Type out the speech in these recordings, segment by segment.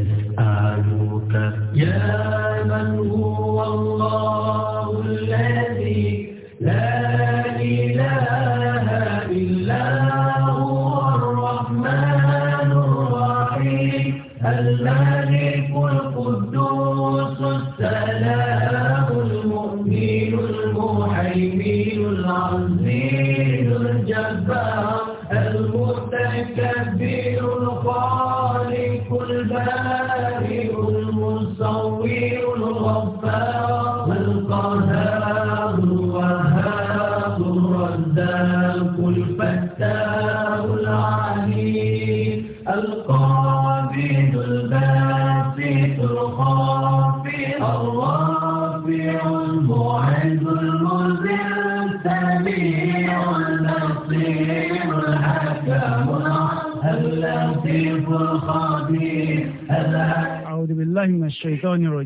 نسألك يا من هو الله الذي لا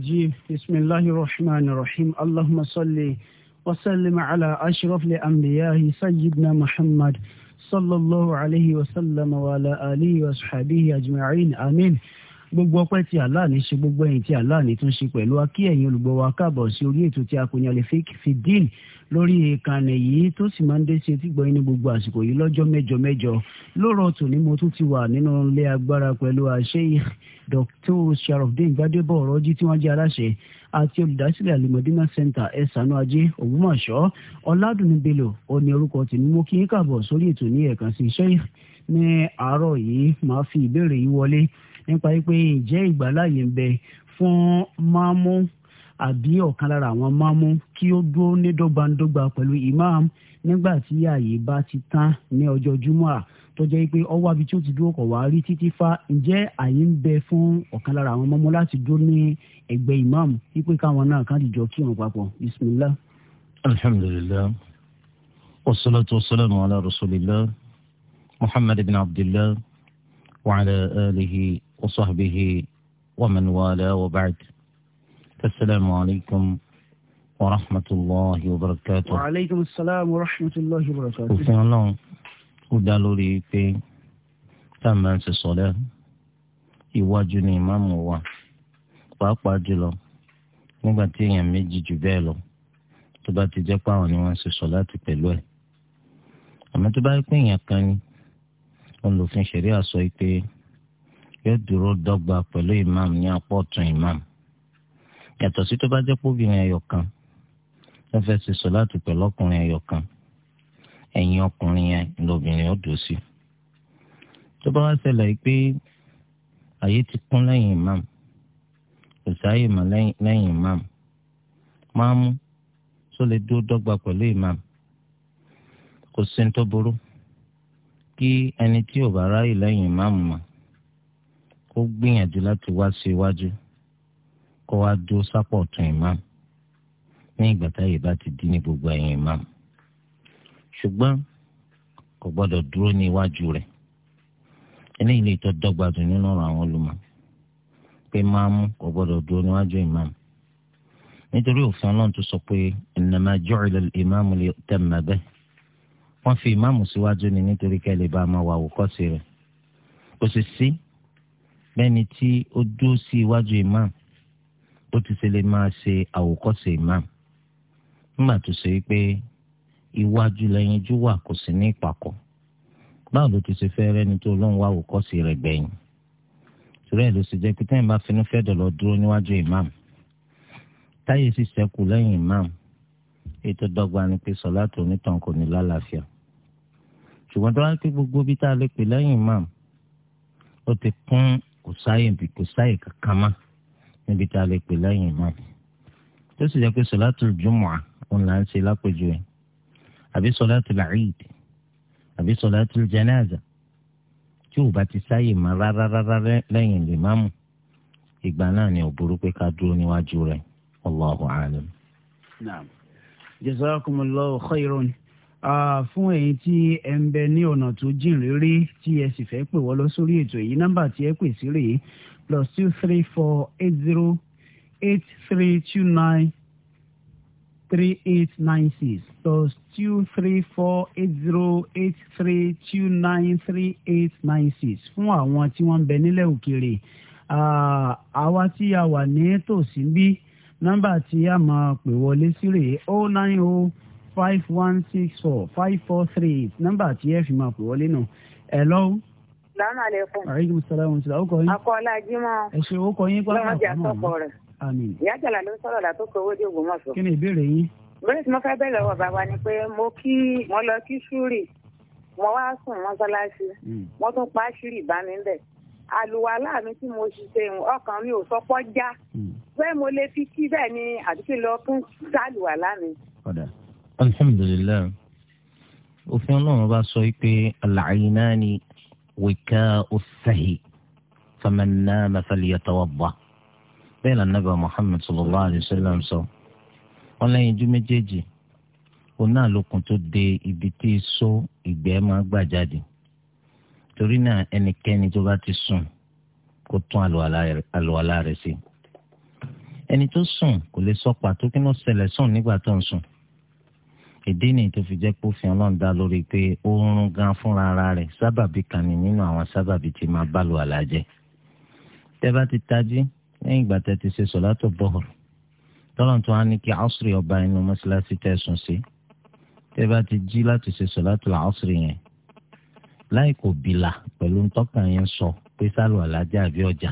الرجيم بسم الله الرحمن الرحيم اللهم صل وسلم على أشرف الأنبياء سيدنا محمد صلى الله عليه وسلم وعلى آله وصحبه أجمعين آمين gbogbo ọpẹ́ tí Allah ní ṣe gbogbo ẹ̀yìn tí Allah ní tún ṣe pẹ̀lú akí ẹ̀yin olùgbọ́ sí orí ètò tí a kò yàn lè fi dín lórí ìkànnì yìí tó sì máa ń dé sí etí gbọ́yìn ní gbogbo àsìkò yìí lọ́jọ́ mẹ́jọ mẹ́jọ lóòrọ̀ tòní mo tún ti wà nínú ilé agbára pẹ̀lú àṣeyìí dr sharafdin gbadebo ọ̀rọ̀jì tí wọ́n jẹ́ aláṣẹ àti olùdásílẹ̀ alimọ̀dínà center ẹ̀sánú ajé ògbómọ̀ṣọ́ ọ̀làdùnú bello òní orúkọ tèmi mo kí n kàbọ̀ sórí ètò ní ẹ̀ẹ̀kan sí iṣẹ́ ní àárọ̀ yìí máa fi ìbéèrè yìí wọlé nípa pé ǹjẹ́ ìgbàláyè ń bẹ fún máàmú àbí ọ̀kan lára àwọn máàmú kí ó dúró ní dọ́gbandọ́gba pẹ̀lú imam nígbà tí ààyè bá ti tán ní ọjọ́ jumua tó jẹ́ pé ọwọ́ abi tí ó ti dúró kọ̀ wá rí títí fa ǹjẹ́ ààyè ń bẹ fún ọ̀kan lára àwọn máàmú láti dúró ní ẹgbẹ́ imam wípé káwọn náà kàn dìjọ kí wọn papọ̀ bismillah. alhamdulillah wassalatu wassalamu ala rasulillah muhammad ibn abdillah wa ala alihi wa sahbihi wa man wala wa ba'd. السلام عليكم ورحمة الله وبركاته وعليكم السلام ورحمة الله وبركاته وفي الله ودالوا لي في تمام الصلاة iwájú ni ìmáàmù wa pàápàá jùlọ nígbà tí èèyàn méjì jù bẹ́ẹ̀ lọ tó bá ti jẹ́ páwọn ni wọ́n ṣe sọ láti pẹ̀lú ẹ̀ àmọ́ tó bá pé èèyàn kan ni olùfin ṣẹ̀rí àsọ pé yóò dúró dọ́gba pẹ̀lú ìmáàmù ní apá ọ̀tún ìmáàmù yàtọ̀ sí tó bá jẹ́ póbìnrin ẹyọ kan tó fẹ́ ṣe sọ láti pẹ̀lú ọkùnrin ẹyọ kan ẹ̀yìn ọkùnrin yẹn lóbìnrin ó dùn sí. tó bá wá ṣẹlẹ̀ pé àyè ti kún lẹ́yìn imam kò sáàyè mọ́ lẹ́yìn imam máa mú só lè dúró dọ́gba pẹ̀lú imam kò sí ní tó burú kí ẹni tí ò bá ráyè lẹ́yìn imam mọ́ kó gbìyànjú láti wá sí iwájú. Si kó wá dúró sápọ̀ ọ̀tún imam ní ìgbà táyè bá ti dí ní gbogbo ẹ̀yìn imam ṣùgbọ́n kò gbọ́dọ̀ dúró ní iwájú rẹ̀ eléyìí lè tọ́ dọ́gba jù nínú ọ̀rọ̀ àwọn olùmọ̀ pé máàmù kò gbọ́dọ̀ dúró níwájú imam nítorí òfin ọlọ́run tó sọ pé innama ju'ila al-imam liyu'tamma bihi wọ́n fi ìmáàmù síwájú ni nítorí kẹ́ lè bá a máa wà àwòkọ́ṣe rẹ̀ kò sì sí bẹ́ẹ̀ni tí ó dúró sí iwájú ìmáàmù ó ti ṣe lè máa ṣe àwòkọ́ṣe imam nígbà tó ṣe pé iwájú lẹ́yinjú wà kò sí ní ìpàkọ́ báwo ló ti ṣe fẹ́ rẹ́ni tó lóun wá àwòkọ́ṣe rẹ̀ gbẹ̀yìn ìṣúra ẹ̀ ṣe jẹ́ pé tẹ́yìn bá finú fẹ́ dọ̀lọ́ dúró níwájú imam táyé sì ṣẹ́kù lẹ́yìn imam ètò dọ́gba ni pé sọ̀lá tó onítàn kò ní lálàáfíà ṣùgbọ́n tó wá pé gbogbo bí tá a lè pè lẹ́yìn imam ó ti kún kò sáyè kò sáyè kankan mọ́ níbi tá a lè pè lẹ́yìn imam tó sì jẹ́ pé sọ̀látù jùmọ̀à òun là ń ṣe lápèjúwe àbí sọ̀látù làáyid àbí sọ̀látù jẹ́nẹ́àzà tí ò bá ti sáyè mọ́ rárá lẹ́yìn ìmáàmù ìgbà náà ni ò burú pé ká dúró níwájú rẹ̀ Allahu alam. naam jazakumullahu khairan fún ẹ̀yin tí ẹ ń bẹ ní ọ̀nà tó jìn réré tí ẹ sì fẹ́ pè wọ́n lọ sórí ètò èyí nọ́mbà tí ẹ pè sí rèé plus two three four eight zero eight three two nine three eight nine six plus two three four eight zero eight three two nine three eight nine six fún àwọn tí wọ́n ń bẹ nílẹ̀ òkèèrè àwa tí a wà ní tòsí bí nọ́mbà tí a máa pè wọlé sí rèé oh nine oh five one six four five four three eight nọ́mbà tí ẹ fi máa pè wọlé náà ẹ lọ́wọ́ salaamaleykum. aleykum salaam ṣe àwọn kọyin. akọọlá jimọ. ẹ ṣe o kọyin pa náà kọ náà mọ. àmín. ìyá jàlá ló sọ̀rọ̀ la tó kowó dé Ògbómọ̀ṣọ́. kí ni ìbéèrè yín. bẹ́ẹ̀ tí mo fẹ́ bẹ̀rẹ̀ wọ bàbá ni pé mo kí mo lọ kí ṣúrì mo wá sùn mọ́ṣáláṣí hmm. mo tún pa ṣúrì bá mi bẹ̀ àlùwàlá mi tí mo ṣiṣẹ́ ọkàn mi ò sọpọ́ já bẹ́ẹ̀ hmm. mo lè fi kí bẹ́ẹ̀ ni àdúgbò lọ tún ṣàlùwàlá mi. alhamdulilayi òfin ọlọ́run bá sọ pé al wíkẹ́ ọ̀sẹ̀hì fẹ́mẹ́nà mẹ́fẹ́lìyẹ tọwọ́ bá bẹ́ẹ̀ lọ nàbẹ̀ Muhammad sallallahu alayhi wa sallam sọ wọn lẹ́yìn ju méjèèjì òun náà lókun tó de ibi tí so ìgbẹ́ máa gbà jáde torí náà ẹnikẹ́ni tó bá ti sùn kó tún àlùwàlá rẹ̀ sí ẹni tó sùn kò lè sọ pàtó kí ló ṣẹlẹ̀ sùn nígbà tó ń sùn ìdí ni tó fi jẹ́ pé òfin ọlọ́run dá lórí pé oorun gan fúnra ara rẹ̀ sábàbí kan ní nínú àwọn sábàbí tí máa bá lu àlàjẹ́ tẹ́ bá ti tají lẹ́yìn ìgbà tẹ́ ti ṣe sọ̀látò bọ́ọ̀lù tọ́lọ́n tó wá ní kí ásírì ọba inú mọ́ṣáláṣí tẹ́ sùn sí tẹ́ ti jí láti ṣe sọ̀látò ásírì yẹn láì kò bìlà pẹ̀lú ntọ́kàn yẹn sọ pé sálù àlàjẹ́ àbí ọjà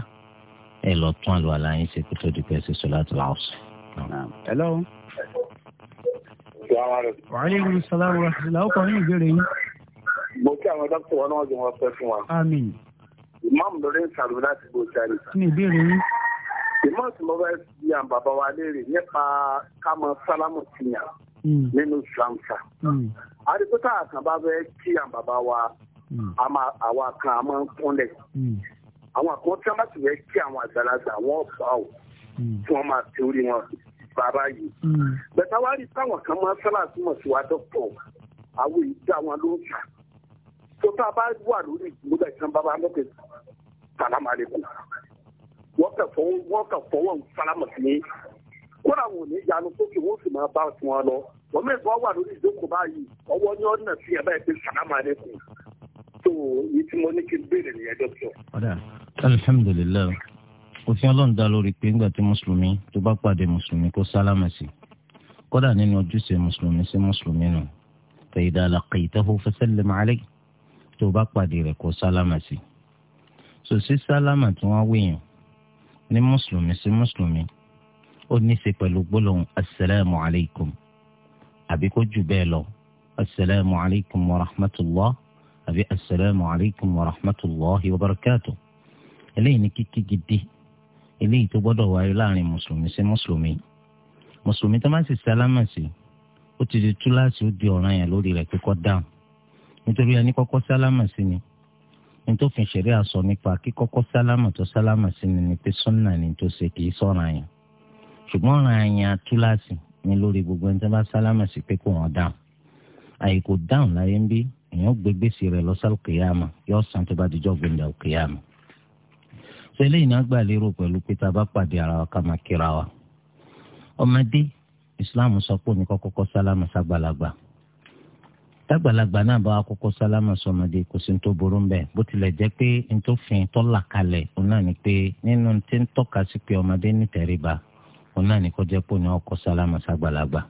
ẹ lọ tún àlù àlàyé ṣe kó tó di pẹ́ ṣe sọ̀látò ásírì. Hello wàhálẹ́gùn sàlámù rahmatulá ọkọ̀ yín ìbéèrè yín. mo kí àwọn dókítà wọn náà jẹ wọn fẹ́ fún wa. àmín. ìmáàmù lórí ìsàlù láti gbó jáde. kí ni ìbéèrè yín. ìmáàmù tí mo bá fi àwọn bàbá wa léèrè nípa kámọ sálámù tìyàn hmm. nínú sàmùsà. àdìpútà hmm. àkànbá bẹ kí àwọn bàbá wa hmm. àwa kan àmọ́ ń kúnlẹ̀. àwọn àkọ́ńtà má ti fẹ́ kí àwọn àgbàlagbà wọn fà ó tí wọ́n máa fi orí wọn bàbá yìí hmm. bẹ̀tà wá rí táwọn kan máa sálàsí mọ̀ sí wa dọ́pọ̀ àwọn èyí tí àwọn ló ń fà tó tá a bá wà lórí ìgbìmọ̀lẹ̀ ìsan bàbá lọ́kẹ́ sàlámàlẹ́kùn wọ́n kẹ̀ fọwọ́ wọ́n kẹ̀ fọwọ́ ń sálámà sí ní kódà wọn ò ní yanu sókè wọn sì máa bá wọn lọ wọn mẹ́fọ́ wà lórí ìjókòó báyìí ọwọ́ ní ọdún náà fi ẹ̀ báyìí pé sàlámàlẹ́kùn tó yìí tí mo ní kí n béèrè nìyẹn dọ́kítọ̀. alhamdulilayi òfin ọlọ́run dá lórí pé nígbà tí mùsùlùmí tó bá pàdé mùsùlùmí kó sálámà sí kódà nínú ojúṣe mùsùlùmí sí mùsùlùmí nù fẹ̀yìdà laqaytahu fasallim alayhi tó bá pàdé rẹ̀ kó sálámà sí. sòsí sálámà tí wọ́n wéyàn ní mùsùlùmí sí mùsùlùmí ó ní í ṣe pẹ̀lú gbólóhùn asalaamu alaykum àbí kó jù bẹ́ẹ̀ lọ asalaamu alaykum wa àbí asalaamu eléyìí tó gbọ́dọ̀ wáyé láàrin mùsùlùmí sí mùsùlùmí mùsùlùmí tó máa sì sálámà sí ó ti di túláàsì ó di ọ̀ràn yẹn lórí rẹ̀ kíkọ́ dáhùn nítorí ẹni kọ́kọ́ sálámà sí ni ní tó fi ṣeré àsọ nípa kíkọ́kọ́ sálámà tó sálámà sí ni ni pé sọ́nà ni tó ṣe kì í sọ̀ràn yẹn ṣùgbọ́n ọ̀ràn yẹn túláàsì ni lórí gbogbo ẹni tó bá sálámà sí pé kò wọ́n dáhùn àyíkò dáhùn láyé ń bí èèyàn gbégbèsè rẹ̀ lọ́sàlùkìyàmà yóò san tó bá dijọ́ gbẹ̀ndà òkìyàmà sẹ́lẹ̀ iná gbà lérò pẹ̀lú pé tá a bá pàdé ara wa ká máa kíra wa ọmọdé islam sọ pé òní kọ́kọ́kọ́ sálámà ságbàlagbà tágbàlagbà náà bá wa kọ́kọ́ sálámà sọmọdé kò sí ní tó burú mbẹ bó tilẹ̀ jẹ́ pé ní tó fi tó là kalẹ̀ òun náà ni pé nínú tí ń tọ́ka sí pé ọmọdé ní tẹríba òun náà ni kó jẹ́ pé òní ọkọ̀ sálámà ságbàlagbà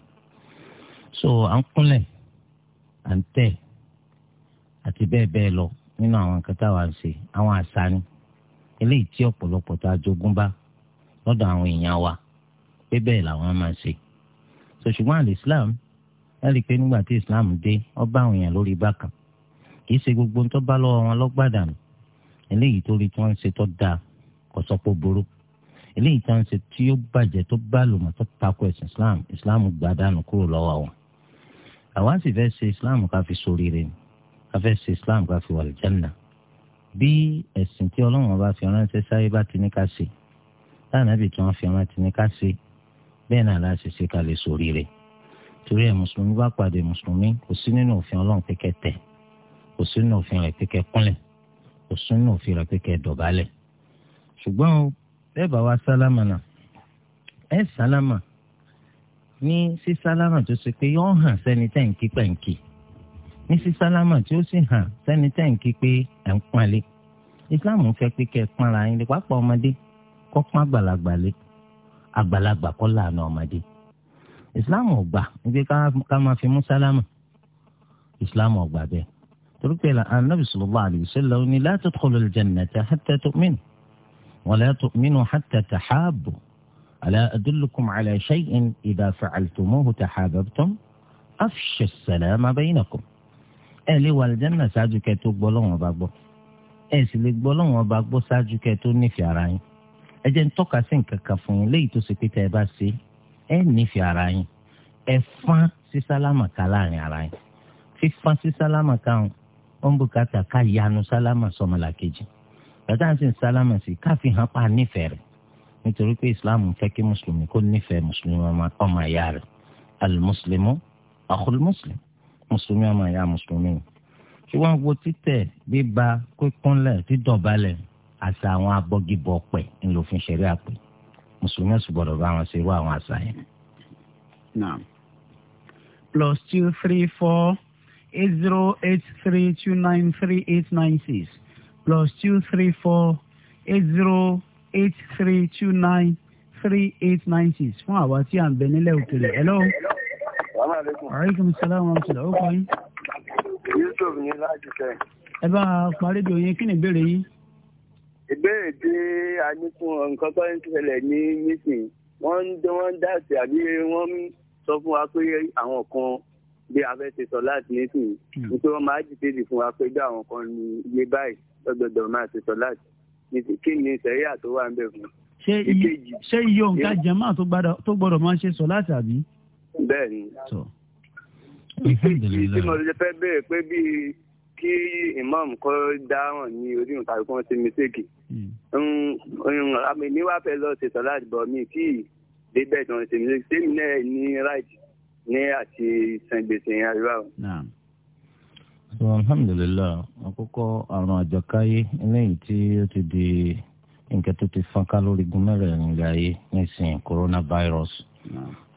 so à ń kúnlẹ̀ à ń tẹ̀ àti bẹ́ẹ̀ bẹ́ẹ̀ lọ nínú àwọn nǹkan táwa ń ṣe àwọn àṣà ni eléyìí tí ọ̀pọ̀lọpọ̀ tá a jogún bá lọ́dọ̀ àwọn èèyàn wa pé bẹ́ẹ̀ làwọn máa ṣe so àlè islam ẹ rí i pé nígbà tí islam dé ó bá àwọn èèyàn lórí bákan kì í ṣe gbogbo tó bá lọ́wọ́ wọn lọ́gbàdànù eléyìí tó rí tí wọ́n ń ṣe tó dáa kò sọ pé burú eléyìí tó ń ṣe tí ó bàjẹ́ tó bá lòmọ̀ tó takò ẹ̀sìn islam islam gbàdànù kúrò lọ́wọ́ wọn àwa sì fẹ́ ṣe islam ká fi sóríire ká fẹ́ ṣe islam ká fi wà lìjánná bí ẹ̀sìn tí ọlọ́run bá fi ránṣẹ́ sáyé bá ti ní ká ṣe táwọn ẹbí tí wọ́n fi ránṣẹ́ ti ní ká ṣe bẹ́ẹ̀ náà láti ṣe ká lè sórí rẹ̀ torí ẹ̀ mùsùlùmí bá pàdé mùsùlùmí kò sí nínú òfin ọlọ́run pé kẹ́ tẹ̀ kò sí nínú òfin rẹ̀ pé kẹ́ kúnlẹ̀ kò sí nínú òfin rẹ̀ pé kẹ́ dọ̀bálẹ̀ ṣùgbọ́n bẹ́ẹ̀ bá wa sálámà náà ẹ̀ sálámà ní sí sálámà tó ṣe pé yọ ní sísálámà tí ó sì hàn sẹ́ni tẹ́ǹkì pé ẹ̀ ń pọ́nlé islam fẹ́ pé kẹ́ ẹ pọ́nra yín lé pápá ọmọdé kọ́ pọ́n àgbàlagbà lé àgbàlagbà kọ́ làánà ọmọdé islam ò gbà wípé ká máa fi mú sálámà islam ò gbà bẹ́ẹ̀ torí pé anabi sallallahu alayhi wa sallam ni la tadkhulul jannata hatta tu'minu wa la tu'minu hatta tahabbu ala adullukum ala shay'in idha fa'altumuhu tahabbtum afshu as-salama baynakum ẹ lè wà àlùjánnà ṣáájú kẹ́ tó gbọ́ lọ́wọ́n bá gbọ́ ẹ sì lè gbọ́ lọ́wọ́n bá gbọ́ ṣáájú kẹ́ tó nífẹ̀ẹ́ ara yín ẹ jẹ́ ń tọ́ka sí nǹkan kan fún yín léyìí tó ṣe pé tẹ́ ẹ bá ṣe ẹ nífẹ̀ẹ́ ara yín ẹ fán sí sálámà ká láàrin ara yín fífán sí sálámà káwọn ó ń bùkátà ká yanu sálámà sọmọlàkejì bàtà ń sìn sálámà sí káfí hàn pa nífẹ̀ẹ́ rẹ̀ nítorí pé islam fẹ́ kí mùsùlùmí kó nífẹ̀ẹ́ mùsùlùmí ọmọ ìyá rẹ̀ alimuslimu akhul muslim mùsùlùmí ọmọ ìyá mùsùlùmí tí wọ́n wo títẹ̀ bíba kíkúnlẹ̀ dídọ̀balẹ̀ àṣà àwọn abọ́gibọ̀ pẹ̀ ńlòfin ṣẹ̀rí àpè mùsùlùmí ọ̀sùn bá wọn ṣe irú àwọn àṣà yẹn. naam plus two three four eight zero eight three two nine three eight nine six plus two three four eight zero eight three two nine three eight nine six fún àwa tí à ń bẹ nílẹ̀ òkèlè. hello. hello? aleykum salaam wa rahmatulah ó kọ́ yín. yusuf ní láti tẹ. ẹ bá a parí di oyin kí ni ìbéèrè yín. ìbéèrè tí a ní fún nǹkan tó ń ṣẹlẹ̀ ní nísìnyí wọ́n ń dán wọ́n dá sí àbí wọ́n sọ fún wa pé àwọn kan bí a fẹ́ ṣe sọ láti nísìnyí nítorí hmm. wọ́n máa jìtìlì fún wa pé bí àwọn kan ní iye báyìí lọ́gbẹ̀dọ̀ máa ṣe sọ láti kí ni sẹ́ríà tó wà ń bẹ̀ fún. ṣé iye òǹkà jẹ́mọ́ tó gbọ́dọ̀ máa ṣe sọ láti àbí bẹ́ẹ̀ ni. tí mo lè fẹ́ béèrè pé bíi kí imam kọ́ dáhùn ní orí nǹkan àbíkú wọn ṣe mistake. Hmm. mi wá fẹ́ lọ ṣe sọ́lá àdìbò mi kí débẹ̀ tí wọ́n ṣe mistake sẹ́mi náà ní right ní àti san gbèsè yẹn àríwá o. alhamdulilayi àkọ́kọ́ àrùn àjàkáyé eléyìí tí ó ti di nǹkan tó ti fọ́nká lórí gúnmẹ́rẹ̀ nígbà yìí nísìnyí coronavirus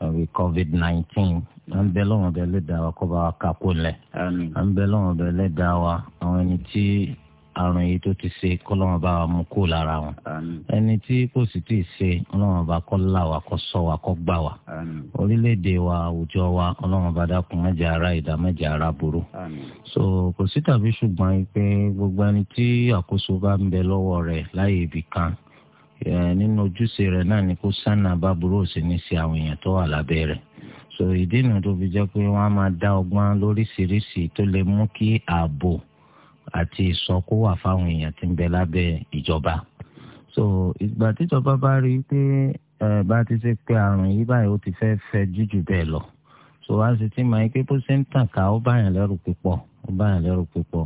àbí covid nineteen à ń bẹ lọ́wọ́n bẹ lẹ́dàá wa kó bá wa ká kó lẹ̀ à ń bẹ lọ́wọ́n bẹ lẹ́dàá wa àwọn ẹni tí àrùn yìí tó ti ṣe kọ́ lọ́wọ́n bá wa mú kó lára wọn ẹni tí kò sì tí ì ṣe ọlọ́wọ́n bá kọ́ là wa kọ́ sọ wa kọ́ gbà wa orílẹ̀-èdè wa àwùjọ wa ọlọ́wọ́n bá dákun mẹ́jẹ ara ìdá mẹ́jẹ ara burú so kò sí tàbí ṣùgbọ́n pé gbogbo ẹni tí àkóso bá ń bẹ lọ́wọ́ rẹ̀ láyé ibì kan nínú ojúṣe rẹ̀ náà ni kó sànà báburú òsì ní sí àwọn èèyàn tó wà lábẹ́ rẹ̀ so ìdènà tó fi jẹ́ pé wọ́n á máa dá ọgbọ́n lóríṣiríṣi tó lè mú kí ààbò àti ìsọkó wà fáwọn èèyàn tí ń bẹ lábẹ́ ìjọba so ìgbà tíjọba bá rí i pé bá ti ṣe pé àrùn yìí báyìí ó ti fẹ́ fẹ́ jújù bẹ́ẹ̀ lọ so wá sí ti máa ń pé bó ṣe ń tàn ká ó báyàn lẹ́rù pípọ̀ ó bá yàn lẹ́rù púpọ̀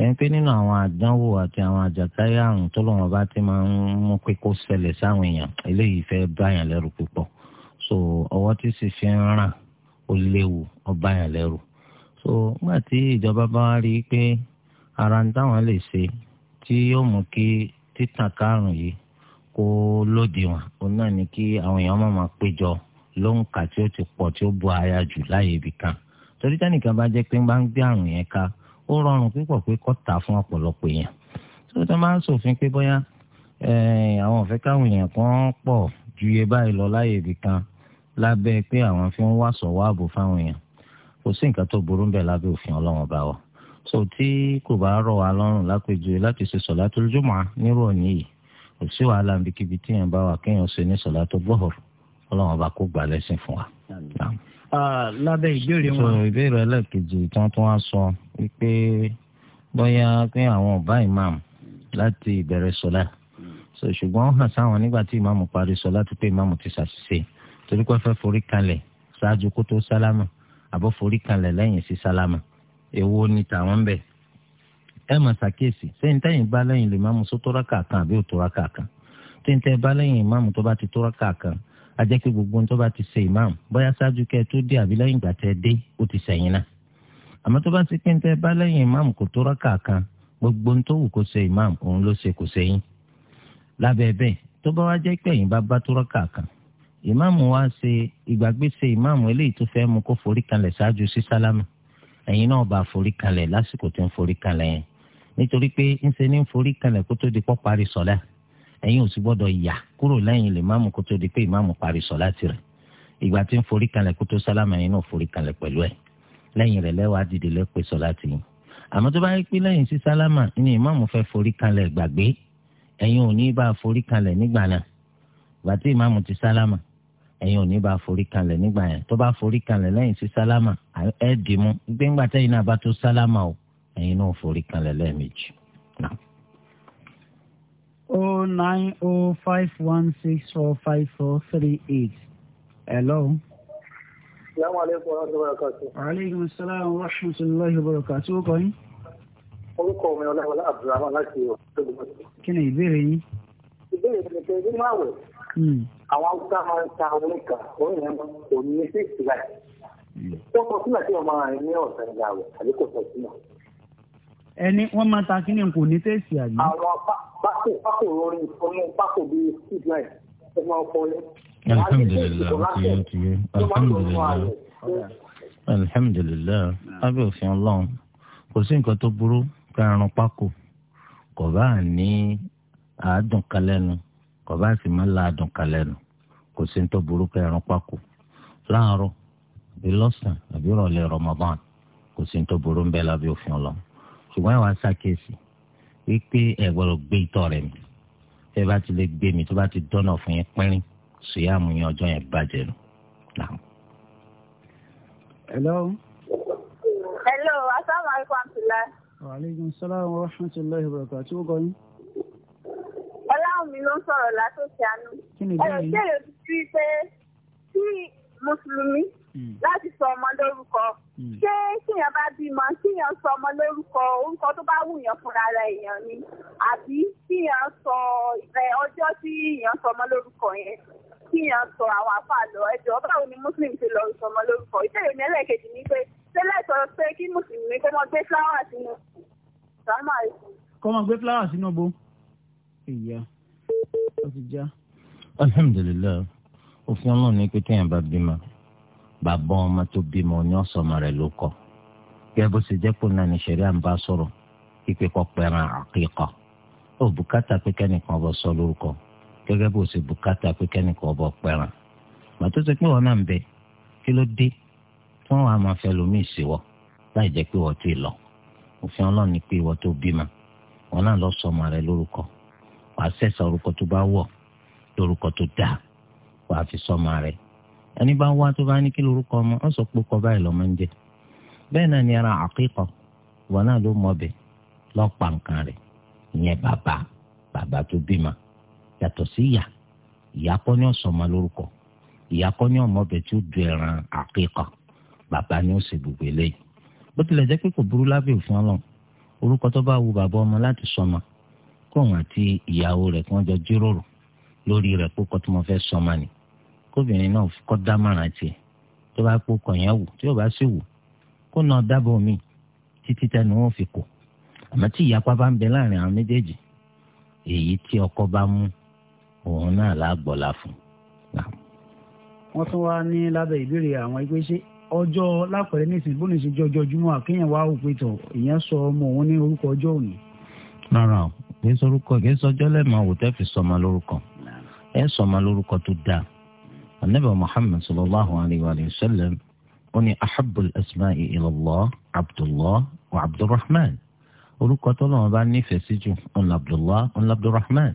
ẹni pé nínú àwọn àdánwò àti àwọn àjàkáyé àrùn tó lọ́wọ́ bá ti máa ń mú pé kó ṣẹlẹ̀ sáwọn èèyàn eléyìí fẹ́ bá yàn lẹ́rù púpọ̀ so ọwọ́ tí sì fi ń ràn ó léwu ó yàn lẹ́rù so nígbà tí ìjọba bá wá rí i pé ara ń táwọn lè ṣe tí yóò mú kí títàn kárùn yìí kó lòdìwọ̀n òun náà ni kí àwọn èèyàn máa máa péjọ lóǹkà tí ó ti pọ̀ tí ó bu aya láyé ibì kan torí tẹ́nìkan bá jẹ́ pé ń bá ń gbé àrùn yẹn ká ó rọrùn púpọ̀ pé kó tà fún ọ̀pọ̀lọpọ̀ èèyàn tó tó máa ń ṣòfin pé bóyá eh, àwọn ọ̀fẹ́ káwọn èèyàn kan pọ̀ ju iye báyìí lọ láyè ibì kan lábẹ́ pé àwọn fi ń wàsọ̀ wáàbò fáwọn èèyàn kò sí nǹkan tó burú bẹ́ẹ̀ lábẹ́ òfin ọlọ́run bá wa so tí kò bá rọ̀ wá lọ́rùn lápèjúwe láti ṣe sọ̀látùl jumu'ah nírò níyì kò sí wàhálà níbikíbi tí èèyàn bá wà kéèyàn ṣe ní sọ̀látù dhuhr ọlọ́run bá kó gbà lẹ́sìn fún wa lábẹ́ ìbéèrè wọn. sọ ìbéèrè ẹlẹ́ẹ̀kejì tí wọ́n tún wá sọ wípé bóyá pé àwọn ọ̀bá ìmáàmù láti ìbẹ̀rẹ̀ sọ́lá ṣùgbọ́n hàn sáwọn nígbà tí ìmáàmù parí sọ́lá tó pé ìmáàmù ti ṣàṣìṣe torí pé fẹ́ forí kalẹ̀ ṣáájú kó tó sálámà àbọ̀ forí kalẹ̀ lẹ́yìn sí sálámà èwo ni tàwọn ń bẹ̀. ẹ mà ṣàkíyèsí sẹ́yìn tẹ́yìn bá lẹ́yìn lè máàmù só tó rákà kan àbí ò tó rákà kan tẹ́yìn tẹ́ bá lẹ́yìn ìmáàmù tó bá ti tó rákà ajẹ́ kí gbogbo ohun tó bá ti ṣe imam bóyá ṣáájú kẹ́ ẹ tó dé àbí lẹ́yìn ìgbà tẹ́ ẹ dé ó ti sẹ̀yìn náà àmọ́ tó bá ti pín tẹ́ ẹ bá lẹ́yìn imam kò tó rákà kan gbogbo ohun tó wù kó ṣe imam òun ló ṣe kò sẹ́yìn lábẹ́ bẹ́ẹ̀ tó bá wá jẹ́ pé ẹ̀yin bá bá tó rákà kan imam wa ṣe ìgbàgbé ṣe imam eléyìí tó fẹ́ mú kó forí kanlẹ̀ ṣáájú sí sálámù ẹ̀yin náà bá forí kanlẹ̀ lásìkò tó ń forí kanlẹ̀ yẹn nítorí pé ńṣe ní forí kanlẹ̀ kó tó di pọ́ sọ́lá ẹ̀yin ò sì gbọ́dọ̀ yà kúrò lẹ́yìn lè máàmù kó tó di pé ìmáàmù parí sọ láti rẹ̀ ìgbà tí ń forí kalẹ̀ kó tó sálámà yín náà forí kalẹ̀ pẹ̀lú ẹ̀ lẹ́yìn rẹ̀ lẹ́wàá dìde lẹ́pẹ́ sọ láti tó bá yẹ pé lẹ́yìn sí sálámà ni ìmáàmù fẹ́ forí kalẹ̀ gbàgbé ẹ̀yin ò bá forí kalẹ̀ nígbà náà ìgbà ti sálámà ẹ̀yin ò bá forí kalẹ̀ nígbà tó bá oh nine oh five one six four five four three eight. hello. salaamaleykum wa rahmatulahi wa barakatu. aleykum salaam wa rahmatulahi wa barakatu. o kọ́ yín. orúkọ mi ọlọ́wọ́lá abdulrahman láti ọ̀ṣọ́gbọ̀n. kí ni ìbéèrè yín. ìbéèrè mi kẹ́ nínú àwẹ̀. Hmm. àwọn haúsá máa ń ta oníkà òun yẹn kò ní sí ìsìlá. wọ́n hmm. sọ sílẹ̀ tí wọ́n máa rìn ní ọ̀sán ìgbà àwẹ̀ àbí kò sọ sílẹ̀. ẹni wọ́n máa ta kí ni kò ní tẹ̀sí àná. àwọn pákó pákó rọrin ọmọ pákó bíi street life ẹ máa kọ ẹ. alhamdulilayi ti yé alhamdulilayi alhamdulilayi abẹ́ òfin ọlọ́run kò sí nǹkan tó burú kẹrin pákó kò bá ní àádùn kan lẹ́nu kò bá sì máa láàdùn kan lẹ́nu kò sí nǹkan tó burú kẹrin pákó láàárọ̀ àbí àbí ìrọ̀lẹ́ Ramadan kò sí nǹkan tó burú ń bẹ lábẹ́ òfin ọlọ́run ṣùgbọ́n ẹ wá ṣàkíyèsí wípé ẹ gbọ́dọ̀ gbé ìtọ̀ rẹ̀ mi ẹ bá ti lè gbé mi tó bá ti dọ́nà fún yín pínrín sùyàmù yín ọjọ́ yẹn bàjẹ́ nù. hello. hello asalaamualeykum abdullahi. wa aleykum salaam wa rahmatulahi wa barakatuh tí ó gọ yín. ọlọ́run mi ló ń sọ̀rọ̀ látòkè àánú. kí ni bẹ́ẹ̀ ni. ẹ̀rọ ìṣèlú ti rí pé tí mùsùlùmí hmm. láti sọ ọmọ lórúkọ ṣé kíyàn bá bímọ kíyàn sọ ọmọ lórúkọ orúkọ tó bá wù yàn fúnra rẹ̀ èèyàn ni àbí kíyàn sọ ìfẹ́ ọjọ́ tí èèyàn sọ ọmọ lórúkọ yẹn kíyàn sọ àwọn àfáà lọ ẹjọ báwo ni muslim ti lọ sọ ọmọ lórúkọ ìbéèrè ní ẹlẹ́ẹ̀kejì ni pé ṣé lẹ́tọ̀ọ́ pé kí mùsùlùmí kó mọ gbé fúláwà sínú kó mọ gbé fúláwà sínú bo ìyá ó ti já. alhamdulilayi òfin ọlọ́run ní pé téèyàn bá bímọ bàbá ọmọ tó bímọ ní ọ̀sọ̀mọ rẹ̀ ló kọ́ kí ẹ bó ṣe jẹ́ pò náà ní ṣẹ̀rí à ń bá sọ̀rọ̀ kíkẹ́ kọ́ pẹ̀ràn àkíkà ó bùkátà pé kẹ́nìkan bọ̀ sọ lórúkọ gẹ́gẹ́ bó ṣe bùkátà pé kẹ́nìkan bọ̀ pẹ̀ràn màtó ṣe pé wọn náà ń bẹ kí ló dé tí wọn máa fẹ́ lomi ìṣèwọ láì jẹ́ pé wọ́n ti lọ òfin ọlọ́run ni pé ìwọ tó bímọ wọn náà lọ sọmọ rẹ̀ lórúkọ wàá ṣẹ̀ṣà orúkọ tó bá wọ̀ lórúkọ tó dáa wàá fi sọmọ rẹ̀ ẹni bá ń wá tó bá ní kí lorúkọ ọmọ wọn sọ pé kọba ẹ lọmọ ń jẹ bẹ́ẹ̀ náà ni ara àkíkọ wọn náà ló mọbẹ lọpa nǹkan rẹ ìyẹn bàbá bàbá tó bímọ yàtọ̀ sí ìyá ìyá kọ́ ni ọsọmọ lórúkọ ìyá kọ́ ni ọmọbẹ tó du ẹran àkíkọ bàbá ni ó sì gbogbo eléyìí bó tilẹ̀ jẹ́ pé kò burú lábẹ́ òfin ọlọ́run orúkọ tó bá wu bàbá ọmọ láti sọmọ kóun àti ìyàwó rẹ̀ kí wọ́n jọ jíròrò lórí rẹ̀ pé kọ́tùmọ̀ fẹ́ sọmọ ni kóbìnrin náà kọ́ dámọ̀ràn tiẹ̀ tó bá pò kọ̀yàn wò tí ò bá sì wò kó náà dábọ̀ mi títí tẹnu wọn fi kù àmọ́ tí ìyapa bá ń bẹ láàrin àwọn méjèèjì èyí tí ọkọ bá mú òun náà lágbọ́lá fún un. wọ́n tún wá ní lábẹ́ ìbéèrè àwọn ẹgbẹ́ ṣé ọjọ́ lápẹ̀rẹ̀ nísìnyí bó ṣe jẹ́ ọjọ́ júmọ́ àkéèyàn wá òpin tọ̀ ìyẹn sọ ọmọ òun ní orúkọ ọjọ́ òní. rárá o kì í sọ orúkọ kì í sọ ọjọ́ lẹ́ẹ̀mọ́ àwòtẹ́ fi sọmọ lórúkọ ẹ sọmọ lórúkọ tó dáa النبي محمد صلى الله عليه وآله وسلم أني أحب الأسماء إلى الله عبد الله وعبد الرحمن orúkọ tó lọ́wọ́ bá nífẹ̀ẹ́ sí jù ọ̀nà abdullah ọ̀nà abdulrahman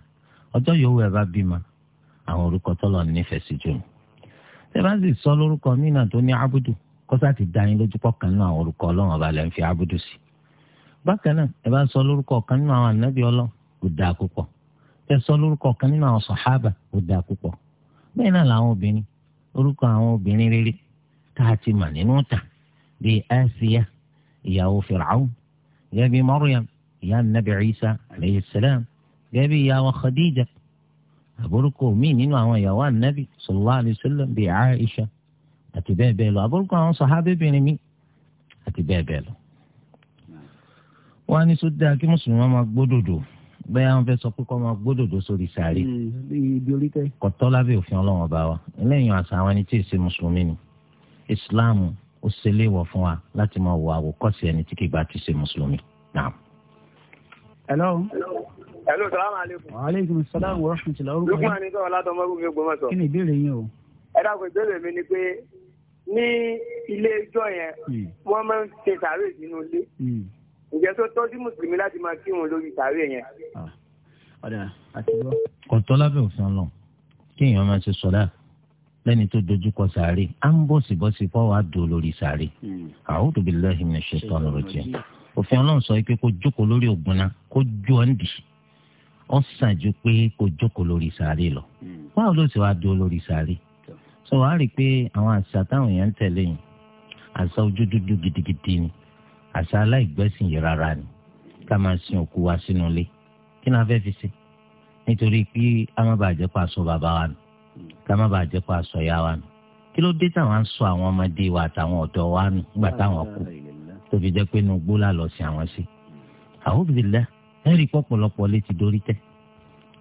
ọjọ́ yòówù ẹ̀ bá bímọ àwọn orúkọ tó lọ́wọ́ nífẹ̀ẹ́ sí jù. ṣé bá sì sọ lórúkọ nínà tó ní abudu kọ́sá ti dá yín lójú pọ̀kan nínú àwọn orúkọ ọlọ́wọ́ bá lẹ́ ń fi abudu sí. bákan náà ẹ bá sọ lórúkọ kan nínú àwọn ànábì ọlọ́wọ́ kò dáa púpọ̀ ẹ sọ lórúkọ kan nínú àwọn sàhábà kò dáa púpọ̀ bẹ́ẹ̀ náà làwọn obìnrin orúkọ àwọn obìnrin rere tá a ti mà nínú ta bíi Asiya ìyàwó Fir'aun gẹ́gẹ́ bíi Maryam ìyá Nabi Isa alayhi salam gẹ́gẹ́ bíi ìyàwó Khadija àbórúkọ míì nínú àwọn ìyàwó Ànábì sallallahu alayhi wasallam bíi Aisha àti bẹ́ẹ̀ bẹ́ẹ̀ lọ àbórúkọ àwọn sọ̀hábẹ́bìnrin mi àti bẹ́ẹ̀ bẹ́ẹ̀ lọ. wọ́n á ní sọ́dá kí mùsùlùmí máa gbódòdó bẹ́ẹ̀ àwọn fẹ́ sọ pé kọ́ máa gbódòdó sórí sàárè hmm, kọ̀tọ́ lábẹ́ òfin ọlọ́run ọba wa ẹlẹ́yìn àṣà àwọn ẹni tí èsì mùsùlùmí ni islam ó ṣẹlẹ̀wọ̀ fún wa láti máa wọ àwòkọ́sí ẹni tí kì bá ti ṣe mùsùlùmí náà. hello. hello salaam aleykum. aleykum salaam wa rahmatulah. lukman ni sọ̀rọ̀ mi gbọ́mọ̀ sọ. kí ni ìbéèrè ǹjẹ́ tó tọ́jú mùsùlùmí láti máa kírun lórí sàárè yẹn. Ah, ọ̀tọ́ lábẹ́ òfin ọlọ́run kéèyàn máa ṣe sọ́dá lẹ́ni tó dojúkọ sàárè á ń bọ̀sibọ́sí fọ́wọ́ àdó lórí sàárè a'udhu billahi minash shaitani rajim òfin ọlọ́run sọ pé kó jókòó lórí ògùnna kó jó ọ́ ń dì ọ́ sàn ju pé kó jókòó lórí sàárè lọ báwo ló sì wá dó lórí sàárè sọ wàá rí i pé àwọn àṣà táwọn èèyàn ń tẹ̀lé yìí àṣà ojú dúdú gidigidi ni àṣà aláìgbẹ́sìn yìí rárá ni ká máa sin òkú wa sínú ilé kí ni fẹ́ fi ṣe nítorí pé a má bàa jẹ́ pa aṣọ bàbá wa nù ká má bàa jẹ́ pa aṣọ ìyá wa nù kí ló dé táwọn ń sọ àwọn ọmọdé wa àtàwọn ọ̀dọ́ wa nù nígbà táwọn kú tó fi jẹ́ pé inú gbó là lọ sí àwọn sí àwọn obìnrin lẹ́ ẹ̀rí pọ̀pọ̀lọpọ̀ létí dórí tẹ́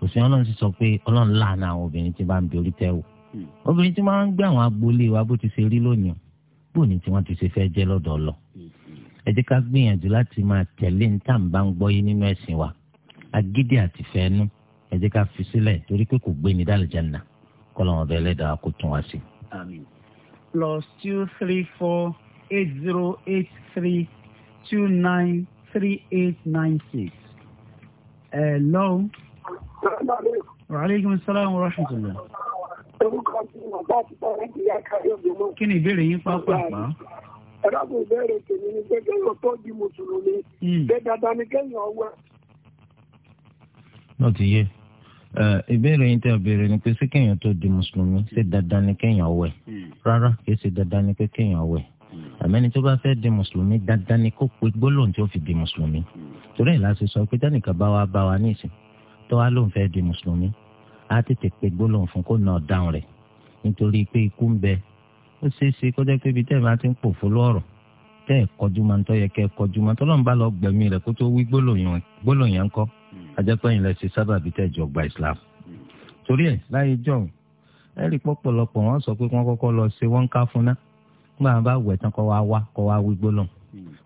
òsìn ọlọ́run sì sọ pé ọlọ́run láàánú àwọn obìnrin tí bá ń bi orí wò obìnrin tí wọ́n gbé àwọn agboolé wa bó ti ṣe rí lónìí bó ni tí wọ́n ti ṣe fẹ́ jẹ́ lọ́dọ̀ ẹ jẹ́ ká gbìyànjú láti máa tẹ̀lé ní tàǹbà ń gbọ́ yé nínú ẹ̀sìn wa agídí àti fẹ́ẹ́nu ẹ jẹ́ ká fi sílẹ̀ torí pé kò gbé ní dálìjánná kọ́lọ́wọ́n bẹ́ẹ̀ lẹ́dàá kó tún wá sí. plus two three four eight zero eight three two nine three eight nine six. hello. wa aleykum salaam wa rahmatulah. orúkọ tí mo bá kí ni ìbéèrè yín pápá ẹ̀rọ̀bù bẹ̀rẹ̀ tèmi ni pé kéèyàn tó di mùsùlùmí hmm. pé dandan ni kéèyàn wá. náà ti yé ìbéèrè yín tẹ́ ọ ni pé ṣé kéèyàn tó di mùsùlùmí ṣé dandan ni kéèyàn wẹ̀ hmm. rárá kìí ṣe dandan ni pé kéèyàn wẹ̀ hmm. àmẹ́ni tó bá fẹ́ di mùsùlùmí dandan ni kó pe gbólóhùn tí ó fi di mùsùlùmí torí ẹ̀ láti sọ pé tẹ́nìkan bá wa bá wa ní tó wá lóun fẹ́ di mùsùlùmí á tètè pe gbólóhùn fún kó nà ọ́ dáhùn nítorí pé ikú ń bẹ ó ṣeé ṣe kó jẹ́ pé ibi tẹ́ ẹ̀ máa ti ń pòfó lọ́rọ̀ tẹ́ ẹ̀ kọjú máa ń tọ́ yẹ kẹ́ ẹ kọjú máa tọ́lọ́ ń bá lọ gbẹ̀mí rẹ̀ kó tó wí gbólóyìn ń ajẹ́pẹ́yìn lẹ ṣe sábàbí tẹ́ jọ gba Islam torí ẹ̀ láyé jọ̀hún ẹ̀rí pọ̀pọ̀lọpọ̀ wọn sọ pé wọ́n kọ́kọ́ lọ ṣe wọ́n ká fúnná nígbà wọn bá wẹ̀ tán kọ́ wá wá kọ́ wá wí gbólóhùn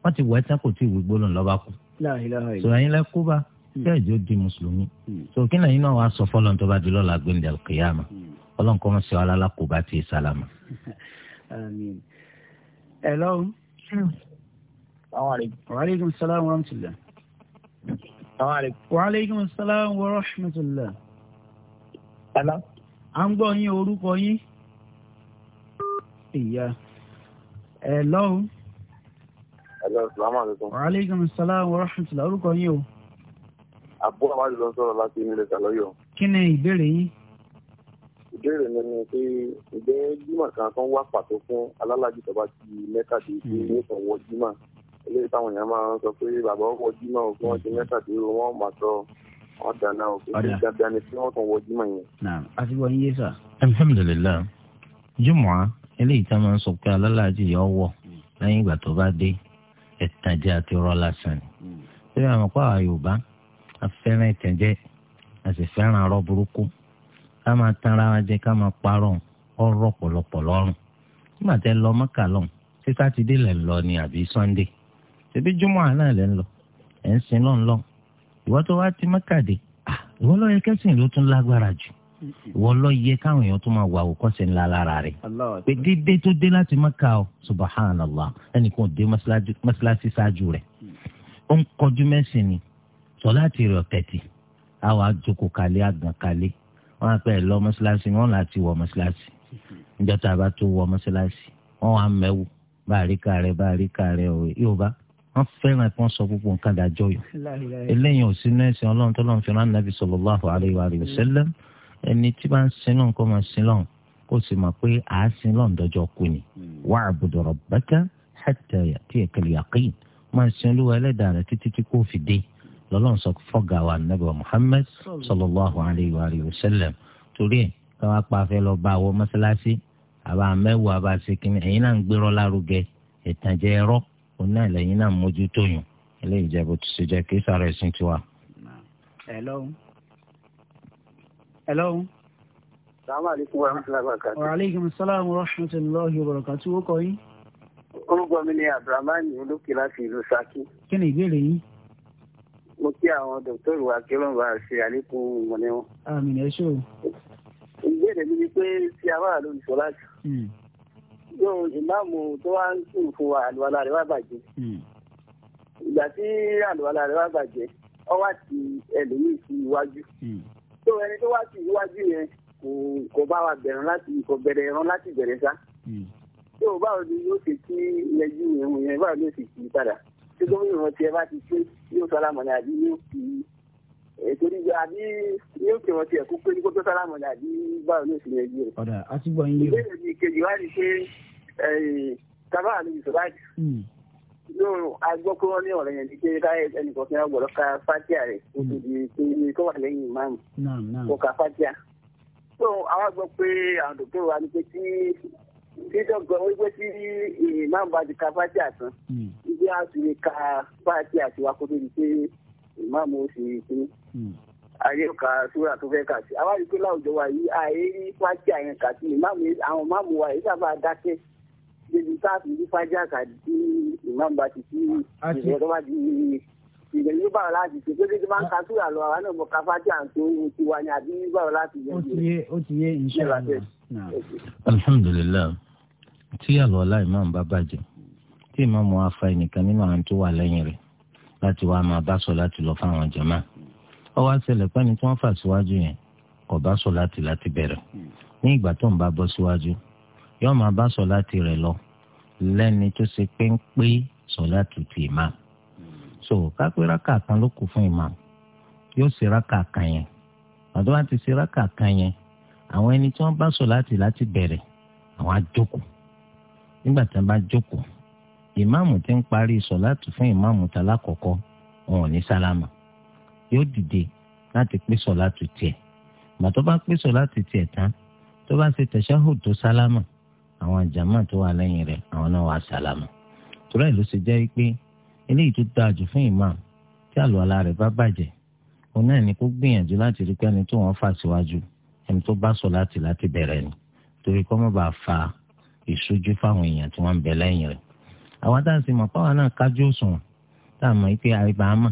wọ́n ti wẹ̀ tán kò tí ì wí gbólóhùn lọ́ba kú sọ ẹ̀yin lẹ di mùsùlùmí sọ kí lẹ́yìn náà wàá sọ fọ́lọ́n tó bá di lọ́la gbẹ̀ndẹ̀ kìyàmà ọlọ́nkọ́ mọ̀ sí wa lálákòó àmín. hello. wa aleykum salaam wa rahmatulah. wa aleykum salaam wa rahmatulah. hello. à ń gbọ́ yín orúkọ yín. ìyá. hello. hello salaamaleykum. wa aleykum salaam wa rahmatulah orúkọ yín o. àbúrò àwọn àjùlọ sọ̀rọ̀ láti ilé ìtàlọ́yọ̀ ìbéèrè mi ni pé ǹjẹ́ jímọ̀ kan tó ń wá pàtó fún alálàájì tó bá ti mẹ́ta dé sí hmm. ilé ìtàn wọ jímọ̀ eléyìí táwọn èèyàn máa ń sọ pé bàbá wọ jímọ̀ òkú wọn ti mẹ́ta dé wọn máa sọ wọn dáná òkú ti dandan ni pé wọn kàn wọ jímọ̀ yẹn. a ti wọ iye sà. alhamdulilayi jùmọ̀ eléyìí tá a máa ń sọ pé alálàájì yọ wọ lẹ́yìn ìgbà tó bá dé ẹ̀tànjẹ́ àti rọ́ lásán ni. Hmm. ṣé àwọn ọkọ̀ àyùbá afẹ́ràn ìtẹ̀jẹ́ àti fẹ́ràn arọ́ burúkú ká máa tanra wa jẹ ká máa parọ́ ọ̀rọ̀ pọ̀lọpọ̀ lọ́rùn nígbà tẹ́ lọ mọ́kà lọ́n ṣé sátidé lẹ̀ lọ ni àbí sọ́ndé ṣebí júmọ́ àná lẹ̀ ń lọ ẹ̀ ń sin lọ́n lọ́n ìwọ́n tó wá ti mọ́kà dé ìwọ́n lọ yẹ kẹ́sìn ló tún lágbára jù ìwọ́n lọ yẹ káwọn èèyàn tó máa wà òkọ́sẹ̀ ńlá lára rẹ̀ pé dédé tó dé láti mọ́kà o subhanallah ẹnìkan ò dé mọ́ṣáláṣí ṣáájú rẹ̀ ó ń kọjú mẹ́sìn ni sọ láti rẹ̀ ọ̀tẹ̀tì àwọn àjòkò kalẹ̀ àgàn kalẹ̀ wọn àpẹ ẹ lọ mọ́ṣáláṣí wọn láti wọ mọ́ṣáláṣí níjọ́ tá a bá tó wọ mọ́ṣáláṣí wọn wà mẹ́wù bá a rí ká rẹ bá a rí ká rẹ òwe yóò bá wọn fẹ́ràn kí wọ́n sọ gbogbo nǹkan dájọ́ yìí eléyìí ò sínú ẹ̀sìn ọlọ́run tó lọ́n fi rán nàbì sallallahu alaihi wa sallam ẹni tí bá ń sin náà máa sin lọ́n kó sì mọ̀ pé à sin lọ́n dọ́jọ́ kú ni wa'bud rabbaka hatta ya'tiyakal yaqin máa sin olúwa ẹlẹ́dàá rẹ títí tí kò fi dé lọ́lọ́run sọ fọ́gà wa nàbẹ̀ wa Muhammad sallallahu alayhi wa alihi wa sallam torí ẹ̀ káwá pa afẹ́ lọ bá wọ mọ́sálásí àbá mẹ́wàá àbá ṣèkínní ẹ̀yin náà ń gbérọ́ lárugẹ ìtànjẹ ẹ̀rọ òun náà lẹ́yìn náà mójútó yùn eléyìí jẹ́ bó ti ṣe jẹ́ kí sára ẹ̀sìn tiwa. hello hello. salaamaleykum wa rahmatulahi wa barakatu. wa aleykum salaam wa rahmatulahi wa barakatu. ó kọ yín. orúkọ mi ni abdulhamani olókè láti ìlú Ṣakí. kí ni ìbéèrè yín mo kí àwọn dọ̀tọ́rù wa kí ọlọ́run bá ṣe àlékún mọ̀lẹ́ wọn. àmì ẹ ṣó. ìbéèrè mi ni pé tí a bá wà lórí sọ láti. Hmm. yóò ìmáàmù tó wá ń sùn fún wa àlùwalá rẹ wá bàjẹ́. Hmm. ìgbà tí àlùwalá rẹ wá bàjẹ́ ọ wá ti ẹlòmíì sí iwájú. tó hmm. ẹni tó wá sí iwájú yẹn kò bá wa bẹ̀rẹ̀ láti kò bẹ̀rẹ̀ ẹran láti bẹ̀rẹ̀ sá. yóò báwo ni yóò ṣe kí ẹjú ìrùn ni yóò ṣe tí gómìnà tiẹ̀ bá ti pé yóò sálámọ̀ ní àbí yóò fi torí gba àbí yóò kí wọn tiẹ̀ kó pé kó tó sálámọ̀ ní àbí báwo ló sì yẹn yé o. ọ̀dà àti gbọ́ yín yé o. ìbéèrè mi kejì wá ní pé tábà ló yìí sọ́bà jù. yóò a gbọ́ pé wọ́n ní ọ̀rọ̀ yẹn ní pé káyọ̀ ẹnìkan fi hàn gbọ́dọ̀ ka fátíà rẹ̀ kó wà lẹ́yìn ìmáàmù kó ka fátíà. tó àwọn gbọ́ pé àwọn dòkítà wa ní pé tí dídọ́gba wípé tí ìmáàmù bá ti ka fáti àtàn ibi á ti lè ka fáti àtiwá kó tóbi pé ìmáàmù ó sì kíní hmm. ayé ka sóra tó fẹ́ kà sí àwa rí pé láwùjọ wa yìí àyè rí fáti àyẹn kà sí ìmáàmù àwọn ìmáàmù wa yìí sábà dákẹ́ débi káàfin ní fáti àkà dí ìmáàmù bá ti sí ìrọ̀lọ́ bá ti ìgbẹ̀lú báwo láti ṣe pé bí máa ń ka sóra lọ àwọn náà mọ̀ ká fáti àtò ohun tiwa ni àbí báwo láti yẹ. ó tí àlùwàlá ìmáàmù bá bàjẹ́ tí ìmáàmù wa fa ẹnìkan nínú àwọn tó wà lẹ́yìn rẹ̀ láti wá máa bá sọ láti lọ fáwọn jàmá ó wá ṣẹlẹ̀ pẹ́ni tí wọ́n fà síwájú yẹn kò bá sọ láti láti bẹ̀rẹ̀ ní ìgbà tó ń bá bọ́ síwájú yóò máa bá sọ láti rẹ̀ lọ lẹ́ni tó ṣe pé ń pé sọ láti ti ìmáàmù so kápẹ́ rákà kan ló kù fún ìmáàmù yóò ṣe rákà kan yẹn àdó láti ṣe rákà kan yẹn àwọn ẹni tí wọ́n bá sọ láti láti bẹ̀rẹ̀ àwọn á jókòó nígbà tí wọ́n bá jókòó ìmáàmù tí ń parí sọ̀láàtù fún ìmáàmù tàlá kọ̀kọ́ wọn ò ní sálámà yóò dìde láti pé sọ̀láàtù tiẹ̀ gbà tó bá pé sọ̀láàtù tiẹ̀ tán tó bá ṣe tẹ̀ṣáhù tó sálámà àwọn jàmáà tó wà lẹ́yìn rẹ̀ àwọn náà wà sálámà torí ẹ̀ ṣe jẹ́ pé eléyìí tó dáa jù fún ìmáàmù tí àlùwàlá rẹ̀ bá bàjẹ́ òun náà ni kó gbìyànjú láti rí pẹ́ni tó wọ́n fà síwájú ẹni tó bá sọ̀láàtù láti bẹ̀rẹ̀ ni torí kó má bàa fa ìṣojú fáwọn èèyàn tí wọ́n ń bẹ lẹ́yìn rẹ̀ àwọn tá à ń sì mọ̀ páwọn náà kájú òṣùwọ̀n tá à mọ̀ pé àìbá á mà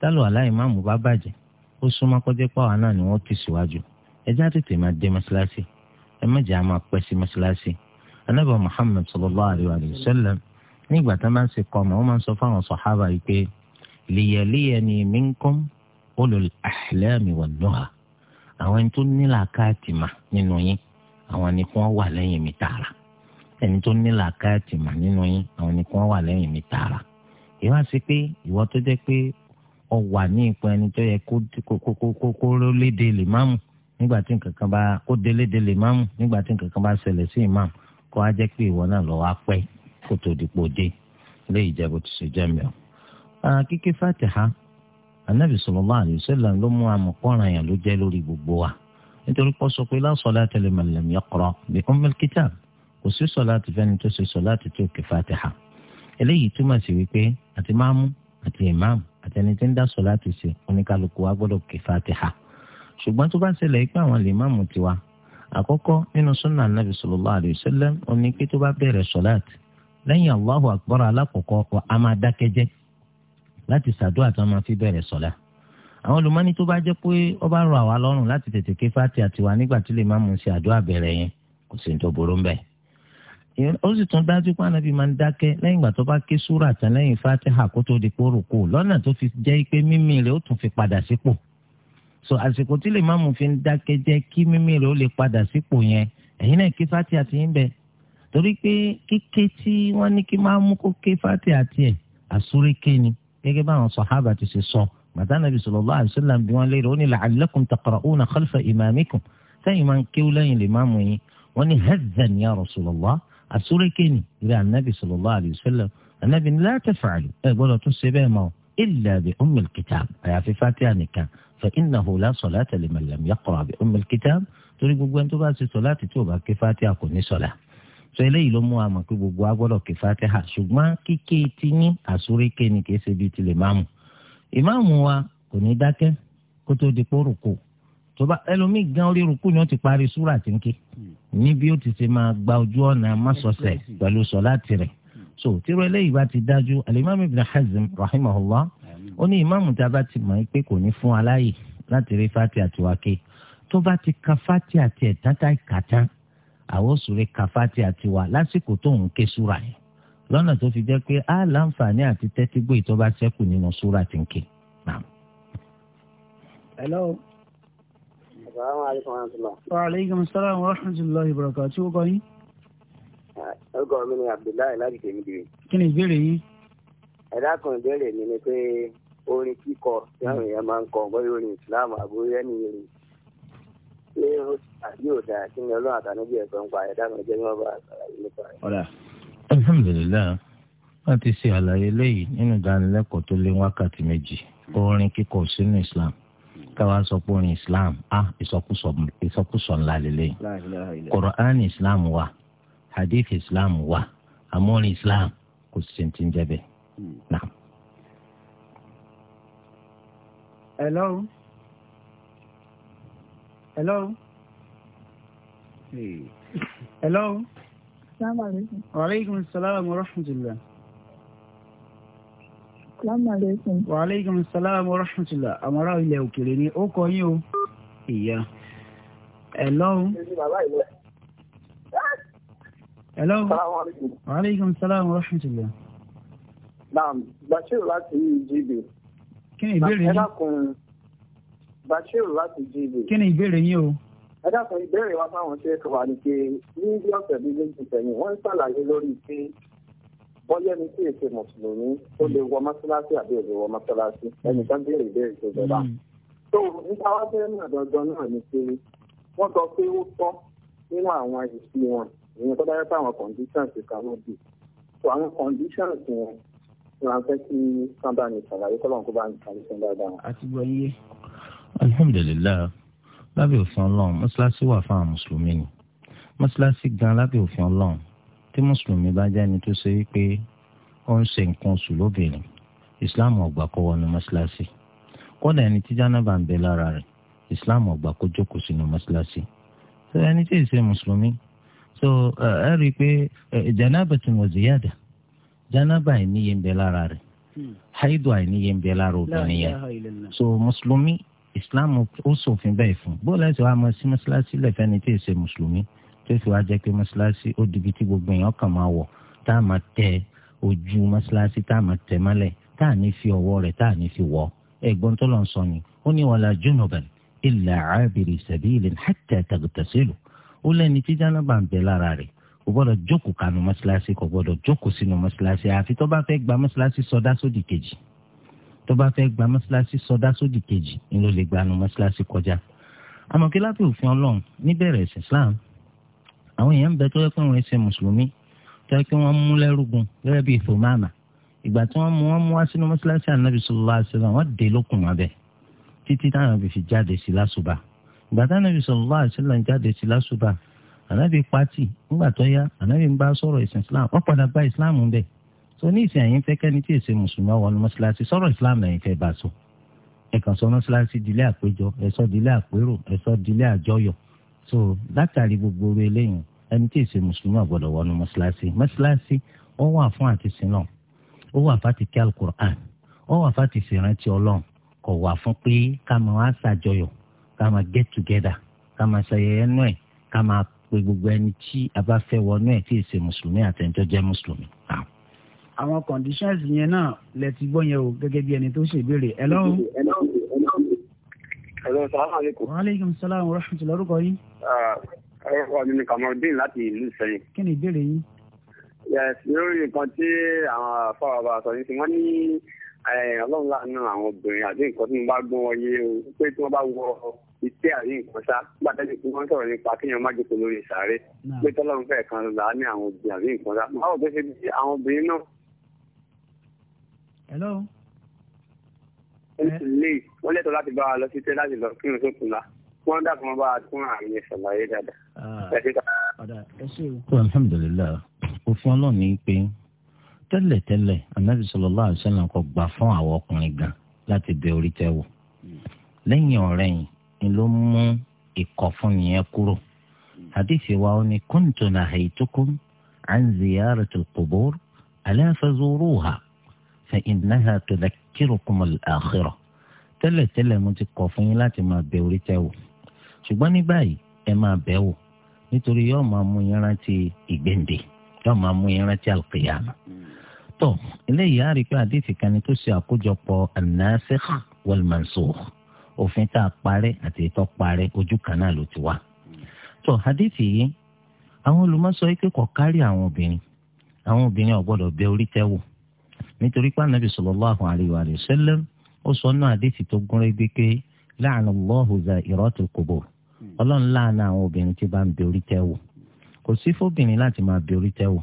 tálò aláìmáàmù bá bàjẹ́ ó súnmọ́ kọjá páwọn náà ni wọ́n tì síwájú ẹjẹ́ àtètè máa dé mọ́ṣáláṣí ẹ mẹ́jẹ̀ á máa pẹ́ sí mọ́ṣáláṣí anábà Muhammad sallallahu alayhi wa sallam nígbà tá a máa ń ṣe kọ́mọ ó máa ń sọ fáwọn sọ̀hábà yìí pé liyaliyani ni kí wọ́n wà lẹ́yìn mi ẹni tó ní làákàtì mà nínú yín àwọn nìkan wà lẹ́yìn mi tààrà ìwà sí pé ìwọ tó jẹ́ pé ọ wà ní ipò ẹni tó yẹ kó léde lè máàmù nígbà tí nǹkan kan bá kó déléde lè máàmù nígbà tí nǹkan kan bá ṣẹlẹ̀ sí ìmáàmù kó á jẹ́ pé ìwọ náà lọ́wọ́ á pẹ́ kó tó dìpọ̀ dé ilé ìjẹ́bù tó ṣe jẹ́ mìíràn. kíké fatiha anabi sallallahu alaihi ló mú amọ̀kọ́ràn yẹn ló jẹ́ lórí gbogbo wa nítorí pọ́ sọ pé la salata kò sí sọláàtì fẹ́ni tó ṣe sọláàtì tó ké fatiha eléyìí túmọ̀ sí wípé àti máàmù àti ìmáàmù àti ẹni tí ń dá sọláàtì ṣe oníkálukú wa gbọ́dọ̀ ké fatiha ṣùgbọ́n tó bá ṣẹlẹ̀ pé àwọn lè máàmù tiwa àkọ́kọ́ nínú sunna anabi sallallahu alayhi sallam oní pé tó bá bẹ̀rẹ̀ sọláàtì lẹ́yìn allahu akbar alákọ̀ọ́kọ́ a máa dákẹ́jẹ́ láti ṣàdúrà tó máa fi bẹ̀rẹ̀ sọlá àwọn olùmọ́ni tó bá jẹ́ pé ó bá rọ àwa lọ́rùn láti tètè ké fati àtiwá nígbà tí ó sì tún dájú pé ànábì máa ń dákẹ́ lẹ́yìn ìgbà tó bá ké súrà tán lẹ́yìn fatiha kó tó di kórokò lọ́nà tó fi jẹ́ pé mímí rẹ̀ ó tún fi padà sípò so àsìkò tí lè máàmù fi ń dákẹ́ jẹ́ kí mímí rẹ̀ ó lè padà sípò yẹn ẹ̀yin náà ké fatiha ti ń bẹ torí pé kíké tí wọ́n ní kí máàmù kó ké fatiha tiẹ̀ àsúrékè ni gẹ́gẹ́ báwọn sàhábà ti ṣe sọ màtánà bí sallallahu alaihi bí wọ́n léèrè ó ní la'allakum àsúrékè ni ìrẹ́ ànábì sallallahu alayhi wa sallam ànábì ní la taf'alu ẹ gbọ́dọ̀ tún ṣe bẹ́ẹ̀ mọ́ illa bi ummil kitab àyàfi fatiha nìkan fa innahu la salata liman lam yaqra bi ummil kitab torí gbogbo ẹni tó bá ṣe sọláàtì tí ò bá ké fatiha kò ní sọlá sọ eléyìí ló mú àmọ́ pé gbogbo a ké fatiha ṣùgbọ́n kíké tí yín àsúrékè ni kì í ṣe bíi tilẹ̀ máàmù ìmáàmù wa kò ní dákẹ́ kó tó di pórùkù tó bá ẹlòmíì gan orí rúkú ni ó ti parí súrà tí ń ké níbi ó ti ṣe máa gba ojú ọ̀nà mọ́sọ̀ọ̀sẹ̀ pẹ̀lú sọ̀láàtì rẹ̀ so tírú eléyìí bá ti dájú alimami ibn hazm rahimahullah ó ní ìmáàmù tá a bá ti mọ̀ pé kò ní fún aláyè láti rí fati àti wáké tó bá ti ka fati àti ẹ̀tántà ìkàtà àwọn sùrè ka fati àti wà lásìkò tó ń ké súra yẹn lọ́nà tó fi jẹ́ pé a láǹfààní àti tẹ́tígbò ìtọ́ bá nínú súra tí ń hello. Aleykum salaam wa rahmatulahi wa barakatuh. Tí ó kọ́ yín. Ọgọ́ mi ni Abdullahi láti tèmi dìbò. Kí ni ìbéèrè yín? Ẹ̀dá kan ìbéèrè mi ni pé orin kíkọ tí àwọn èèyàn máa ń kọ bóyá orin Ìsìláàmù àbúrò ẹni yìí. Ṣé ó ṣàbí òdà kí ni Ọlọ́run àtànúbí ẹ̀sọ́ ń pa ẹ̀dá kan jẹ́ wọ́n bá àlàyé nípa rẹ̀? Ọ̀dà. Alhamdulilayi, wọ́n ti ṣe àlàyé léyìí nínú ìdánilẹ́kọ̀ọ́ tó lé wákàtí méjì. Orin kíkọ sínú Ìsìláàmù káwá sọ pé orin islam a ìsọkúsọ ńlá lélẹ̀ quran islam wà hadith islam wà àmọ́ orin islam kò sì ti ń jẹ́ bẹ́ẹ̀. Hmm. hello hello hello. salaamaleykum. wa salaam wa rahmatulah salaamaleykum. wa aleykum salaam wa rahmatulah àwọn ará ilẹ̀ òkèèrè ni ó kọ yín o ìyá ẹ lọ́hùn. ẹ lọ́hùn. wa aleykum salaam wa rahmatulah. naam bashir láti jíbe. kí ni ìbéèrè yín. ẹ dákun bashir láti jíbe. kí ni ìbéèrè yín o. ẹ ìbéèrè wa fáwọn ṣe é kọ wá pé ní bí ọ̀sẹ̀ bíi méjì sẹ́yìn wọ́n ń ṣàlàyé lórí pé wọ́n yẹ́ni tí èsè mùsùlùmí ó lè wọ mọ́ṣáláṣí àbí èlé wọ mọ́ṣáláṣí ẹnìkan béèrè ìbéèrè tó jọba. tó hmm. nípa wá fẹ́ náà dandan náà ni pé wọ́n sọ pé ó tọ́ nínú àwọn ìsí wọn ìyẹn tó dáyẹ́ fáwọn conditions kan ló dì. tó àwọn conditions wọn la fẹ́ kí sábà ní sàlàyé kọ́lọ́n kó bá ní sàlàyé sọ́n dáadáa. àti gbọ́ iye. alhamdulilayi lábẹ́ òfin ọlọ́run mọ́ṣáláṣí wà fáwọn mùsùlùmí ni mọ́ṣáláṣí gan lábẹ́ òfin ọlọ́run tí mùsùlùmí bá jẹ́ni tó ṣe wípé ó ń ṣe nǹkan oṣù lóbìnrin islam ọgbà kó wọnú mọ́ṣáláṣí kódà ẹni tí jánábà ń bẹ lára rẹ̀ islam ọgbà kó jókòó sínú mọ́ṣáláṣí tó ẹni tí ì ṣe mùsùlùmí tó ẹ rí i pé jánábà tí mo ziyada jánábà yìí ń bẹ lára rẹ̀ hmm. haidu àìníye ń bẹ lára obìnrin yẹn so mùsùlùmí islam ó ṣòfin bẹ́ẹ̀ fún bó lẹ́sẹ̀ wàá mọ sí mọ́ṣáláṣí lẹ́fẹ̀ẹ́ ni tí ì ṣe mùsùlùmí tó sì wáá jẹ́ pé mọ́ṣáláṣí ó dibi tí gbogbo èèyàn kàn máa wọ̀ tá a máa tẹ ojú mọ́ṣáláṣí tá a máa tẹ mọ́lẹ̀ tá a ní fi ọwọ́ rẹ̀ tá a ní fi wọ̀ ẹ̀gbọ́n tó lọ sọ ni ó ní wala junuban illa abiri sabilin hatta tagtasilu ó lẹ́ni tí jánábà ń bẹ lára rẹ̀ kò gbọ́dọ̀ jókòó kanu mọ́ṣáláṣí kò gbọ́dọ̀ jókòó sínú mọ́ṣáláṣí àfi tó bá fẹ́ gba mọ́ṣáláṣí sọdá sódì kejì tó bá fẹ́ gba mọ́ṣáláṣí sọdá sódì kejì ni ló lè gbanu mọ́ṣáláṣí kọjá àmọ́ kí láti òfin ọlọ́run níbẹ̀rẹ̀ ẹ̀sìn Islam àwọn èèyàn ń bẹ tó yẹ pé àwọn ẹsẹ mùsùlùmí tó yẹ kí wọ́n mú lẹ́rùgùn gẹ́gẹ́ bíi fòmáàmà ìgbà tí wọ́n mú wọ́n mú wá sínú mọ́ṣáláṣí ànábì sallallahu alaihi wasallam wọ́n dé lókun wọn bẹ̀ títí táwọn fi fi jáde sí lásùbà ìgbà tí ànábì sallallahu alaihi wasallam jáde sí lásùbà ànábì pátì ńgbà tó yá ànábì ń bá sọ̀rọ̀ ìsìn islam wọ́n padà bá islam ń bẹ̀ tó ní ìsìn àyín fẹ́ kẹ́ni tí èsè mùsùlùmí wọn mọ́ṣáláṣí sọ̀rọ̀ ẹ̀sọ́ dilé àpérò ẹ̀sọ́ dilé àjọyọ̀ so látàrí gbogbo eléyìí ẹni tí ìṣe mùsùlùmí àgbọ̀dọ̀ wọnú mọ́ṣáláṣí mọ́ṣáláṣí ó wà fún àti sinú ó wà fáti kí alukur'an ó wà fáti ṣèrántí ọlọ́run kò wà fún pé ká máa wá ṣàjọyọ̀ ká máa get together ká máa ṣayẹyẹ nú ẹ̀ ká máa pe gbogbo ẹni tí a bá fẹ́ wọnú ẹ̀ tí ìṣe mùsùlùmí àtẹ̀jọ́ jẹ́ mùsùlùmí. àwọn conditions yẹn náà lẹ ti gbọ́ yẹn o gẹ́gẹ́ bí ẹni tó ṣèbéèrè ẹ lọ́rùn. Hello, salaam alaikum. Wa alaikum salaam wa rahmatullahi wa barakatuh orúkọ ni kamaldeen láti ìlú sẹ́yìn. kí ni ìbéèrè yín. lórí nǹkan tí àwọn afọwọ́ba sọ yìí wọ́n ní ọlọ́run láàánú àwọn obìnrin àti nǹkan tí wọ́n bá gbọ́n wọ́n yé o pé tí wọ́n bá wọ iṣẹ́ àrí nǹkan ṣá nígbà tẹ́lẹ̀ tí wọ́n sọ̀rọ̀ nípa kéèyàn má lórí sàárè pé tọ́lọ́run fẹ́ẹ̀ kan láàánú àwọn obìnrin àrí nǹkan ṣá máa pé ṣe bí àwọn obìnrin náà. hello. wọ́n lẹ́tọ̀ọ́ láti bá wa lọ sí tẹ́ láti lọ kírun sókun la wọ́n dàgbọ́n bá a tún àmì ìṣàlàyé dáadáa. Ah. alhamdulilayi òfin ọlọ́run ní pé tẹ́lẹ̀tẹ́lẹ̀ anabi sallallahu alaihi wasallam kò gbà fún àwọn ọkùnrin gan láti bẹ orí tẹ́ wò lẹ́yìn ọ̀rẹ́yìn ni ló mú ìkọ̀ fún nìyẹn kúrò hadithi wa ó ní kuntu nahaytukum an ziyarati al-qubur ala fazuruha fa innaha tudhakkirukum al-akhirah tẹ́lẹ̀tẹ́lẹ̀ mo ti kọ̀ fún yín láti máa bẹ orí tẹ́ wò ṣùgbọ́n ní báyìí ẹ máa bẹ̀ wò nítorí yóò máa mú yín rántí ìgbéǹde yóò máa mú yín rántí àlùkìyàmà. tó eléyìí á rí i pé àdéhìí kan ni tó ṣe àkójọpọ̀ an-nasikh wal-mansukh òfin tá a parẹ́ àti ètò parẹ́ ojú kan náà ló ti wá. tó àdéhìí yìí àwọn olùmọ̀sọ yìí kékọ̀ọ́ kárí àwọn obìnrin àwọn obìnrin ò gbọ́dọ̀ bẹ orí tẹ́wò nítorí pé anabi sallallahu alayhi wa ó sọ náà àdéhìí tó gúnrégé pé la'ana Allahu Hmm. ọlọ́run láàánú àwọn obìnrin tí bá ń bẹ orí tẹ́ wò kò sí fóbìnrin láti máa bẹ orí tẹ́ wò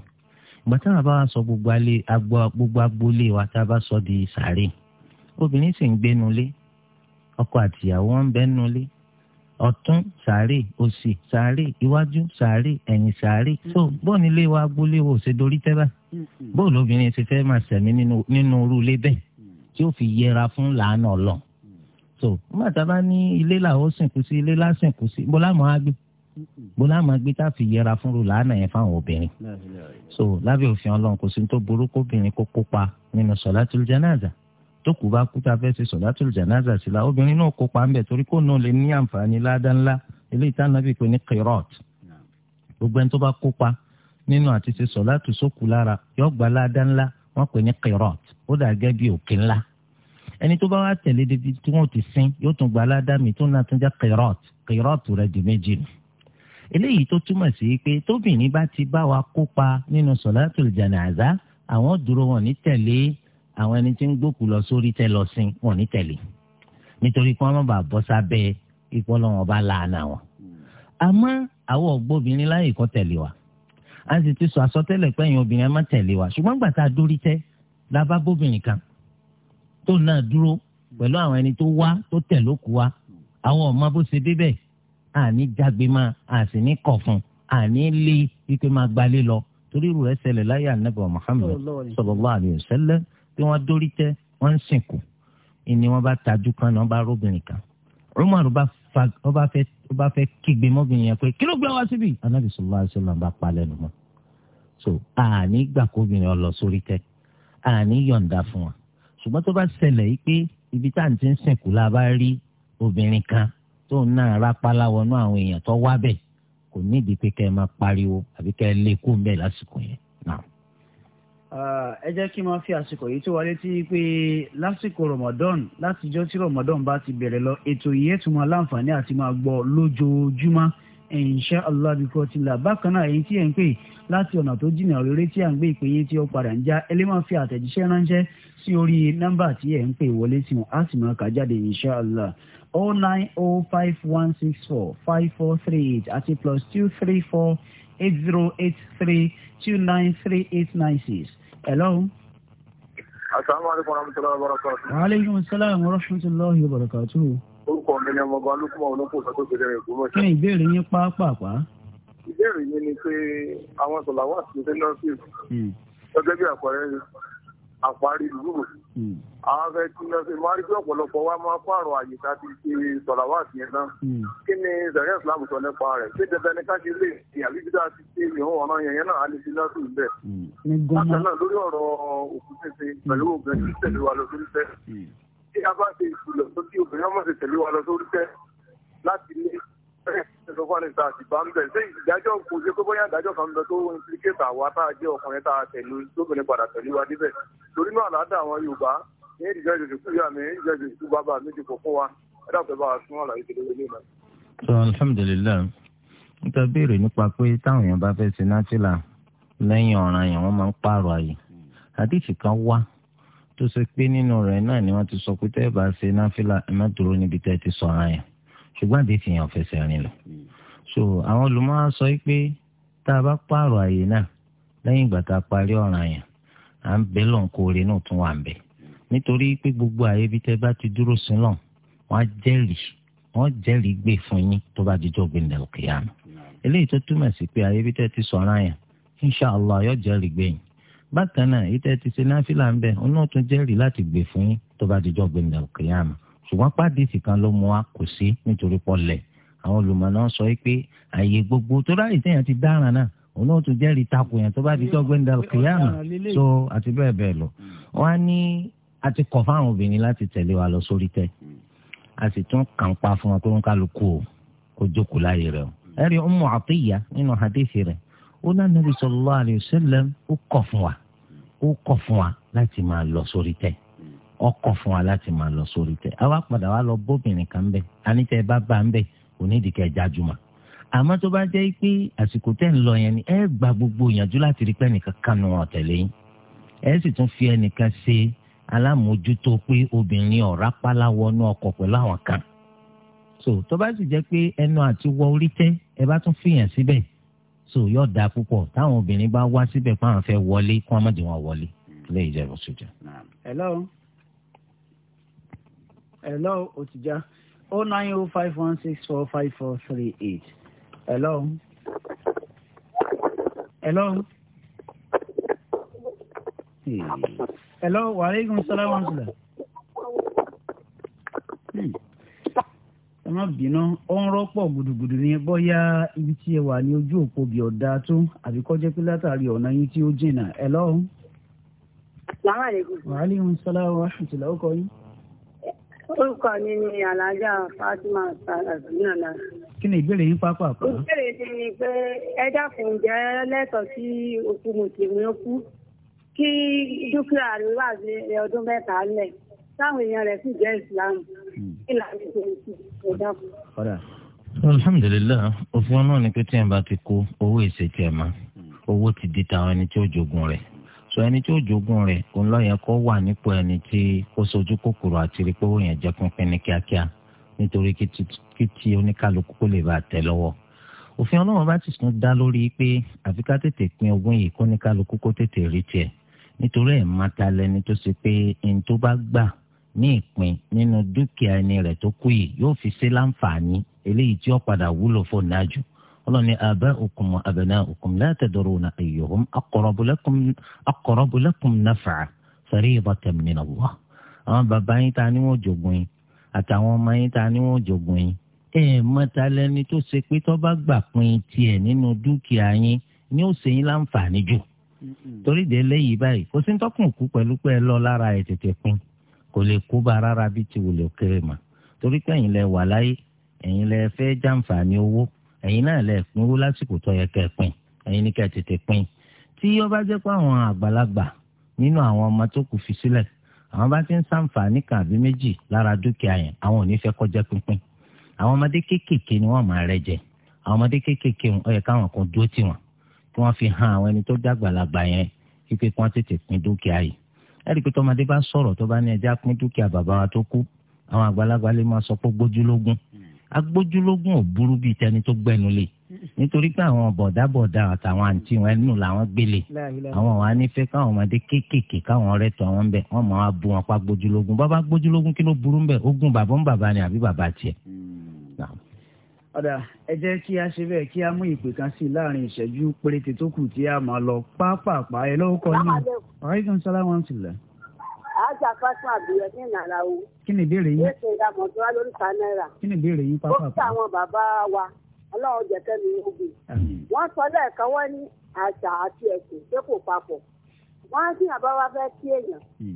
ìgbà tí wọn bá wá sọ gbogbo agboolé wa tá a bá sọ di sàárè obìnrin sì ń gbénu lé ọkọ àtìyàwó wọn ń bẹ́nu lé ọ̀tún sàárè òsì sàárè iwájú sàárè ẹ̀yìn sàárè hmm. so bóun ilé wa agboolé wo ṣe dorí tẹ́ báyìí hmm. bóun lóbìnrin ṣe fẹ́ máa sẹ̀mí nínú irú ilé bẹ́ẹ̀ tí ó fi yẹra fún làánà ọlọ́run tó nígbà tá a bá ní ilé làwọn sìnkú sí ilé lásìnkú sí bọ́lá mọ́ á gbé bọ́lá mọ́ á gbé tá a fi yẹra fún ru làánà yẹn fáwọn obìnrin so lábẹ́ òfin ọlọ́run kò sí ní tó burú kóbìnrin kó kópa nínú sọ̀látùl jánásà tó kù bá kú tá a fẹ́ ṣe sọ̀látùl jánásà sí la obìnrin náà kópa ń bẹ̀ torí kó náà lè ní àǹfààní ládá ńlá eléyìí tá a nàbì pé ní kírọ́ọ̀t gbogbo ẹni tó bá kópa nínú àti ṣe sọ̀látù sókù lára yọ gbà ládá ńlá wọ́n pè ní kírọ́ọ̀t ó dà gẹ́ òkè ńlá ẹni tó bá wá tẹ̀lé débi tí wọ́n ti sin yóò tún gba aládàmì tó náà tún jẹ́ kẹrọ́ọ̀t kẹrọ́ọ̀t rẹ̀ di méjì nù. eléyìí tó túmọ̀ sí pé tóbìnrin bá ti bá wa kópa nínú sọ̀látùl jánásà àwọn dúró wọn ní tẹ̀lé àwọn ẹni tí ń gbókù lọ sórí tẹ lọ sin wọn ní tẹ̀lé nítorí kí wọ́n má bàa bọ́ sábẹ́ ipò lọ́wọ́n bá láàánà wọn. àmọ́ àwọn ògbóbìnrin láyè kọ́ tẹ̀lé wa a sì obìnrin ẹ má tẹ̀lé wa tó náà dúró pẹ̀lú àwọn ẹni tó wá tó tẹ̀ lókù wa àwọn ọmọ bó ṣe débẹ̀ àní jágbe máa àsì ní kọ̀ fún àní lé ike máa gbalé lọ torí irú rẹ̀ láyé ànábì Muhammad sallallahu alaihi wasallam tí wọ́n dórí tẹ́ wọ́n ń sìnkú ni wọ́n bá tajú kan náà wọ́n bá róbìnrin kan Umar bá fẹ́ kígbe mọ́bìnrin yẹn pé kí ló gbé wá síbi ànábì sallallahu alaihi bá palẹ̀ nù mọ́ so àní gbàkóbìnrin ọlọ sórí tẹ́ àní yọ̀ǹda fún wa ṣùgbọ́n tó bá ṣẹlẹ̀ yìí pé ibi tá à ń ti ń sìnkú la bá rí obìnrin kan tó ń náà rápálá wọnú àwọn èèyàn tó wá bẹ̀ kò nídìí pé kẹ́ ẹ máa pariwo àbí kẹ́ ẹ lé kó ń bẹ̀ lásìkò yẹn náà. ẹ jẹ́ kí n máa fi àsìkò yìí tó wa létí pé lásìkò Ramadan látijọ́ tí Ramadan bá ti bẹ̀rẹ̀ lọ ètò yìí tún máa láǹfààní àti máa gbọ́ lójoojúmọ́ insha Allah ti là bákan náà èyí tí ẹ̀ ń pè láti ọ̀nà tó jìnnà rere tí à ń gbé ìpè sí orí nọ́mbà tí ẹ̀ ń pè wọlé sí wọn á sì máa kà jáde inshàlá o oh nine o oh five one six four five four three eight àti plus two three four eight zero eight three two nine three eight nine six. hello. asalaamualeykum wa rahmatulahi wa barakatuhu. wa aleykum salaam wa rahmatulahi wa barakatuhu. orúkọ mi ni ọmọ ọba olókùnmọ̀ olókùnmọ̀ tó gbẹdẹrẹ ìgbọ́mọ̀. kí ni ìbéèrè yín pàápàá? ìbéèrè yín ni pé àwọn sọ̀làwọ́ àti ìṣẹ́lẹ̀ ọ̀sìn hmm. gẹ́gẹ́ bí àpẹẹrẹ àparí lùú hmm. àwọn afẹ́ tí wọ́n fi wá rí pé ọ̀pọ̀lọpọ̀ wa máa pààrọ̀ àyè tá a ti ṣe sọ̀làwà àti yẹn náà hmm. kí ni zaria islam sọ nípa rẹ̀ ṣé dandan ní káṣí lè ṣe àbíjúdá ti ṣe ìhun ọ̀nà yẹn náà á lè ṣe lọ́sùn bẹ́ẹ̀. bákan náà lórí ọ̀rọ̀ òkú ṣẹṣe pẹ̀lú hmm. obìnrin tí tẹ̀lé wa lọ sórí tẹ́ tí a bá ṣe ìṣúlọ̀ tó kí obìnrin ọmọ ṣe tẹ̀lé wa lọ sórí tẹ́ láti lé sọ fún àníṣe àti bámbẹ ṣé ìdájọ́ kò ṣe pé bóyá ìdájọ́ kan lọ tó ń implicate àwa tá a jẹ́ ọkùnrin tá a tẹ̀lé lóbìnrin padà tẹ̀lé wa débẹ̀ torí náà àlàáda àwọn Yorùbá ní ìdíjọ́ ìdòdò kú yà mí ìdíjọ́ ìdòdò kú bàbá mi dìbò fún wa ẹ dàpẹ́ bá a tún àlàyé tó ilé náà. sọ alhamdulilayi nípa béèrè nípa pé táwọn èèyàn bá fẹ́ ṣe nátìlà lẹ́yìn ọ̀ràn yẹn wọ́n máa ń pààrọ̀ àyè àdìsí kan wá tó ṣe pé nínú rẹ̀ náà ni wọ́n ti sọ pé tẹ́ẹ̀ bá ṣe náfìlà ẹ níbi tẹ́ẹ̀ ti sọ̀ràn yẹn ṣùgbọ́n àdé ti yàn fẹsẹ̀ rìn lọ. so àwọn olùmọ̀ á sọ pé tá a bá pààrọ̀ àyè náà lẹ́yìn ìgbà tá a parí ọ̀ràn yẹn à ń bẹ́ lọ́n kóore náà tún wà ń bẹ̀. nítorí pé gbogbo àyè bí tẹ́ bá ti dúró sí lọ́n wọ́n á jẹ́rìí wọ́n jẹ́rìí gbé fún yín tó bá dijọ́ gbẹ̀ndẹ̀ òkè àná. eléyìí tó túmọ̀ sí pé àyè bí tẹ́ ti sọ̀ràn yẹn inṣàlá yóò jẹ́rìí gbé yín. bákan náà ìtẹ́ ti ṣe náà tún jẹ́rìí láti gbé ṣùgbọ́n pàdésì kan ló mú wa kò sí nítorí pọ̀lẹ̀ àwọn olùmọ̀ náà sọ pé àyè gbogbo tó láyè téèyàn ti dáràn náà òun náà tún jẹ́rìí takò yẹn tó bá di tó gbẹ́ndà kìyàmù tó àti bẹ́ẹ̀ bẹ́ẹ̀ lọ. wọ́n á ní a ti kọ̀ fáwọn obìnrin láti tẹ̀lé wa lọ sórí tẹ́ a sì tún kàn fún wọn pé wọ́n kálukú o kó jókòó láyè rẹ̀ o. ẹ̀rí Ummu Atiyya nínú hadithi rẹ̀ ó náà Nabi sallallahu alayhi wa sallam ó kọ̀ fún wa ó kọ̀ fún wa láti máa lọ sórí tẹ́ ọkọ̀ fún wa láti máa lọ sórí tẹ àwa padà wá lọ bóbìnrin kan bẹ anítẹ bá bá ń bẹ onídìíkẹ jájúmọ àmọ́ tó bá jẹ́ pé àsìkò tẹ́ ń lọ yẹn ni ẹ gba gbogbo ìyànjú láti rí pé ẹnìkan kanu wọn tẹ̀lé yín ẹ sì tún fi ẹnìkan ṣe alámòójútó pé obìnrin ọ̀rá pálá wọnú ọkọ̀ pẹ̀lú àwọn kan so tó bá sì jẹ́ pé ẹnu àti wọ orí tẹ́ ẹ bá tún fìyàn síbẹ̀ so yóò dáa púpọ̀ táwọn obìnrin bá wá síbẹ̀ pé àwọn fẹ́ wọlé kí wọ́n má wọn wọlé lẹ́yìn ìjẹ́bù sójà. hello hello Otija. oh nine oh five one six four five four three eight hello hello hello wàhálà ìgbìmọ̀sálàmù àṣìlá ẹ má bínú ó ń rọ́pọ̀ gudugudu ní bóyá ibi tí ẹ wà ní ojú òpó bí ọ̀dà tó àbí kó jẹ́ pé látàrí ọ̀nà yín tí ó jìnnà ẹ lọ́hùn. wàhálà ìgbìmọ̀sálàmù àṣìlá ó kọ yín orúkọ mi ni alájà fatima sàlàzínàlà. kí ni ìbéèrè yín pápá àpá. ìbéèrè ti ni pé ẹ dákun jẹ́ lẹ́tọ̀ọ́ sí òkú mùsùlùmí ó kú kí dúkìá rẹ̀ wà ní ọdún mẹ́ta lẹ̀ táwọn èèyàn rẹ̀ sì jẹ́ ìsìlámù hmm. kí làwọn èèyàn sì ẹ dákun. alhamdulilayi òfin ọlọ́run ni pé tí ẹ̀ bá ti kó owó ìṣètì ẹ̀ máa owó ti di tàwọn ẹni tí ó jogun rẹ̀ sọ ẹni tí ó jogún rẹ̀ kò ń lọ́yẹ̀ kó wà nípò ẹni tí ó sojú kòkòrò àti rí pé ó yẹn jẹ pínpín ní kíákíá nítorí kí tí oníkálukú kó lè bá tẹ̀ lọ́wọ́ òfin ọlọ́run bá ti sùn dá lórí pé àfi tètè pín ogún yìí kó oníkálukú kó tètè rí tiẹ̀ nítorí ẹ̀ má ta lẹni tó ṣe pé ẹni tó bá gbà ní ìpín nínú dúkìá ẹni rẹ̀ tó kú yìí yóò fi ṣe láǹfààní eléyìí tí ó padà wúlò fò náà jù ọlọ́ni aba'ukum wa abna'ukum la tadruna ayyuhum aqrabu lakum aqrabu lakum naf'a fariidatan min Allah. àwọn bàbá yín ta ni wọ́n jogun yín àtàwọn ọmọ yín ta ni wọ́n jogun yín. ẹ mọ̀ta lẹni tó ṣe pé tó bá gbà pin tiẹ̀ nínú dúkìá yín ni ó ṣe yín láǹfààní jù. torí de léyìí báyìí kò sí tọkùn kú pẹ̀lú pé lọ lára ẹ̀ tètè ẹ̀yin náà lẹ pínwó lásìkò tó yẹ kẹ́ pín ẹ̀yin ní kẹ́ tètè pín tí ó bá jẹ́ pé àwọn àgbàlagbà nínú àwọn ọmọ tó kù fi sílẹ̀ àwọn bá ti ń sàǹfààní kan àbí méjì lára dúkìá yẹn àwọn ò ní fẹ́ kó jẹ́ pínpín àwọn ọmọdé kéékèèké ni wọ́n máa rẹ jẹ àwọn ọmọdé kéékèèké ó yẹ káwọn kan dúró tì wọ́n kí wọ́n fi hàn àwọn ẹni tó dàgbàlagbà yẹn wípé kí wọ́n tètè pín dúkìá yìí ẹ̀rí pé tọmọdé bá sọ̀rọ̀ tó bá ní ẹja pín dúkìá bàbá wa tó kú àwọn àgbàlagbà lè máa sọ pé gbójúlógún agbójúlógún ò burú bíi tẹni tó gbẹnu lé nítorí pé àwọn bọ̀dábọ̀dá àtàwọn àǹtí wọn ẹnu làwọn gbélé àwọn wà nífẹ̀ẹ́ káwọn ọmọdé kéékèèké káwọn rẹ̀ tó àwọn bẹ̀ wọ́n máa bu wọn pa gbójúlógún bàbá gbójúlógún kí ló burú ń bẹ̀ ogún bàbá ń bàbá ni àbí bàbá tiẹ̀. Hmm. ọ̀dà ẹ jẹ́ kí a ṣe bẹ́ẹ̀ kí a mú ìpè kan sí i láàrin ìṣẹ́jú péréte tó kù tí a máa lọ pápápá àjà fásitì àbúyẹ ní ìnara o. kí ni ìbéèrè yín. ètò ìdààmú tó wá lórí ta náírà. kí ni ìbéèrè yín pápá. ó kí àwọn bàbá wa ọlọ́run jẹ̀kẹ́ mi ogun. wọ́n sọ lẹ́ẹ̀kan wọ́n ní àṣà àti ẹ̀sìn pé kò papọ̀. wọ́n á sì àbá wa fẹ́ kí èèyàn hmm. hmm.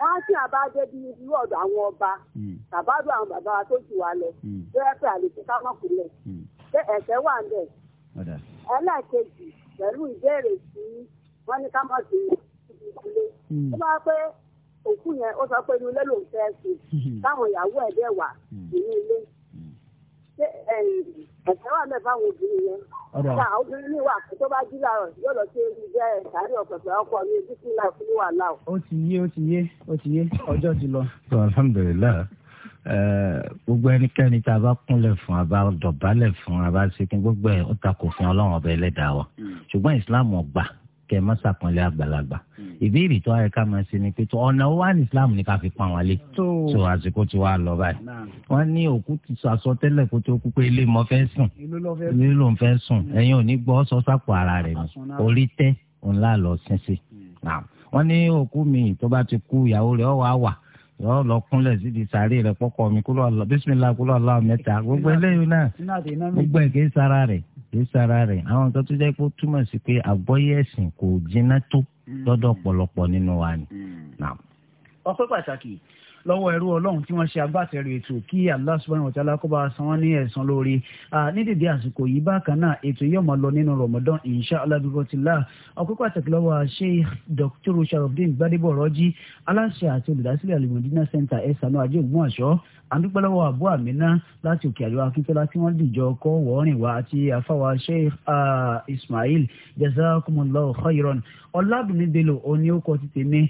wọ́n á sì àbá dé bí ọba hmm. àwọn bàbá wa tó jù wá lọ. pé ẹ̀sẹ̀ wà ń bẹ̀. ẹlẹ́ẹ̀kejì pẹ̀lú ìbéèrè wọ́n Hmm. ó máa pẹ́ òkú yẹn ó sọ pé inú ilé ló fẹ́ sí hmm. táwọn ìyàwó ẹ̀ dẹ̀ wà nínú hmm. ilé ẹ̀sẹ̀ wà mẹ́fà àwọn obìnrin yẹn ọ̀dà obìnrin ní wà tó bá jí láàrọ̀ yóò lọ sí ewu jẹ́ sàárẹ̀ ọ̀pẹ̀pẹ̀ ọkọ mi ojú sí náà fún wà láò. ó ti yé ó ti yé ó ti yé ọjọ́ ti lọ. tó alhamdulilayi gbogbo ẹnikẹ́ni tá a bá kúnlẹ̀ fún a dọ̀bálẹ̀ fún a bá gbogbo ẹ̀ ó ta fún ọlọ́run ọba ẹlẹ́dàá wa ṣùgbọ́n ìsìláàmù ọgbà kẹ má ṣàpọ́nlé àgbàlagbà hmm. ìbéèrè tó ayẹ ká máa ṣe ni pé tó ọ̀nà wa ní islam ní ká fi pa wọn lé tó àsìkò tí wàá lọ báyìí wọn ní òkú ti sọ aṣọ tẹ́lẹ̀ kó tó kú pé ilé mọ́ fẹ́ sùn ilé ló ń fẹ́ sùn hmm. ẹ̀yin ò ní gbọ́ sọ sápò ara rẹ̀ nù orí tẹ́ ńlá lọ sínsìn hmm. wọn ní òkú mi tó bá ti kú ìyàwó rẹ̀ ọ̀ wá wà yọ lọ kúnlẹ̀ síbi sàárè rẹ̀ pọkọ mi kúlọ bísímìlá kúlọ lọ mẹ́ta gbogbo eléyìí náà gbogbo ẹ kì í sara kìí sara rẹ̀ àwọn nǹkan tó jẹ́ pé ó túmọ̀ sí pé àgbọ́yé ẹ̀sìn kò jiná tó hmm. lọ́dọ̀ ọ̀pọ̀lọpọ̀ nínú wa ni. Hmm. ọpẹ́ pàtàkì lọ́wọ́ ẹrú ọlọ́run tí wọ́n ṣe agbátẹrù ètò kí Allah subhanahu wa ta'ala kó bá san wọ́n ní ẹ̀san lórí nídìdí àsìkò yìí bákan náà ètò yóò máa lọ nínú Ramadan insha Allah bigotillah ọkọ̀ pàtàkì lọ́wọ́ ṣe Dr. Sharafdin Gbadebo Rọ́jí aláṣẹ àti olùdásílẹ̀ Al-Madina Center ẹ̀sánú ajé Ògbómọ̀ṣọ́ àdúpẹ́lọ́wọ́ àbú àmínà láti òkè àríwá akíntọ́lá tí wọ́n dìjọ kọ́ wọ́ọ́rìn wa àti afáwa sheikh ismail jazakumullahu khairan ọlábìnrin bello òní ó kọ ti tèmi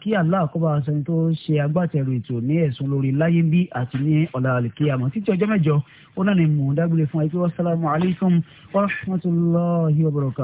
kí aláàkọ́bà sani tó ṣe agbátẹrù ètò ní ẹ̀sùn lórí láyé bí àti ní ọ̀la àlùkíyàmọ̀ títí ọjọ́ mẹ́jọ ó náà ní mò ń dágbére fún wa pé wassalamu alaikum wa rahmatullahi wa barakatuh.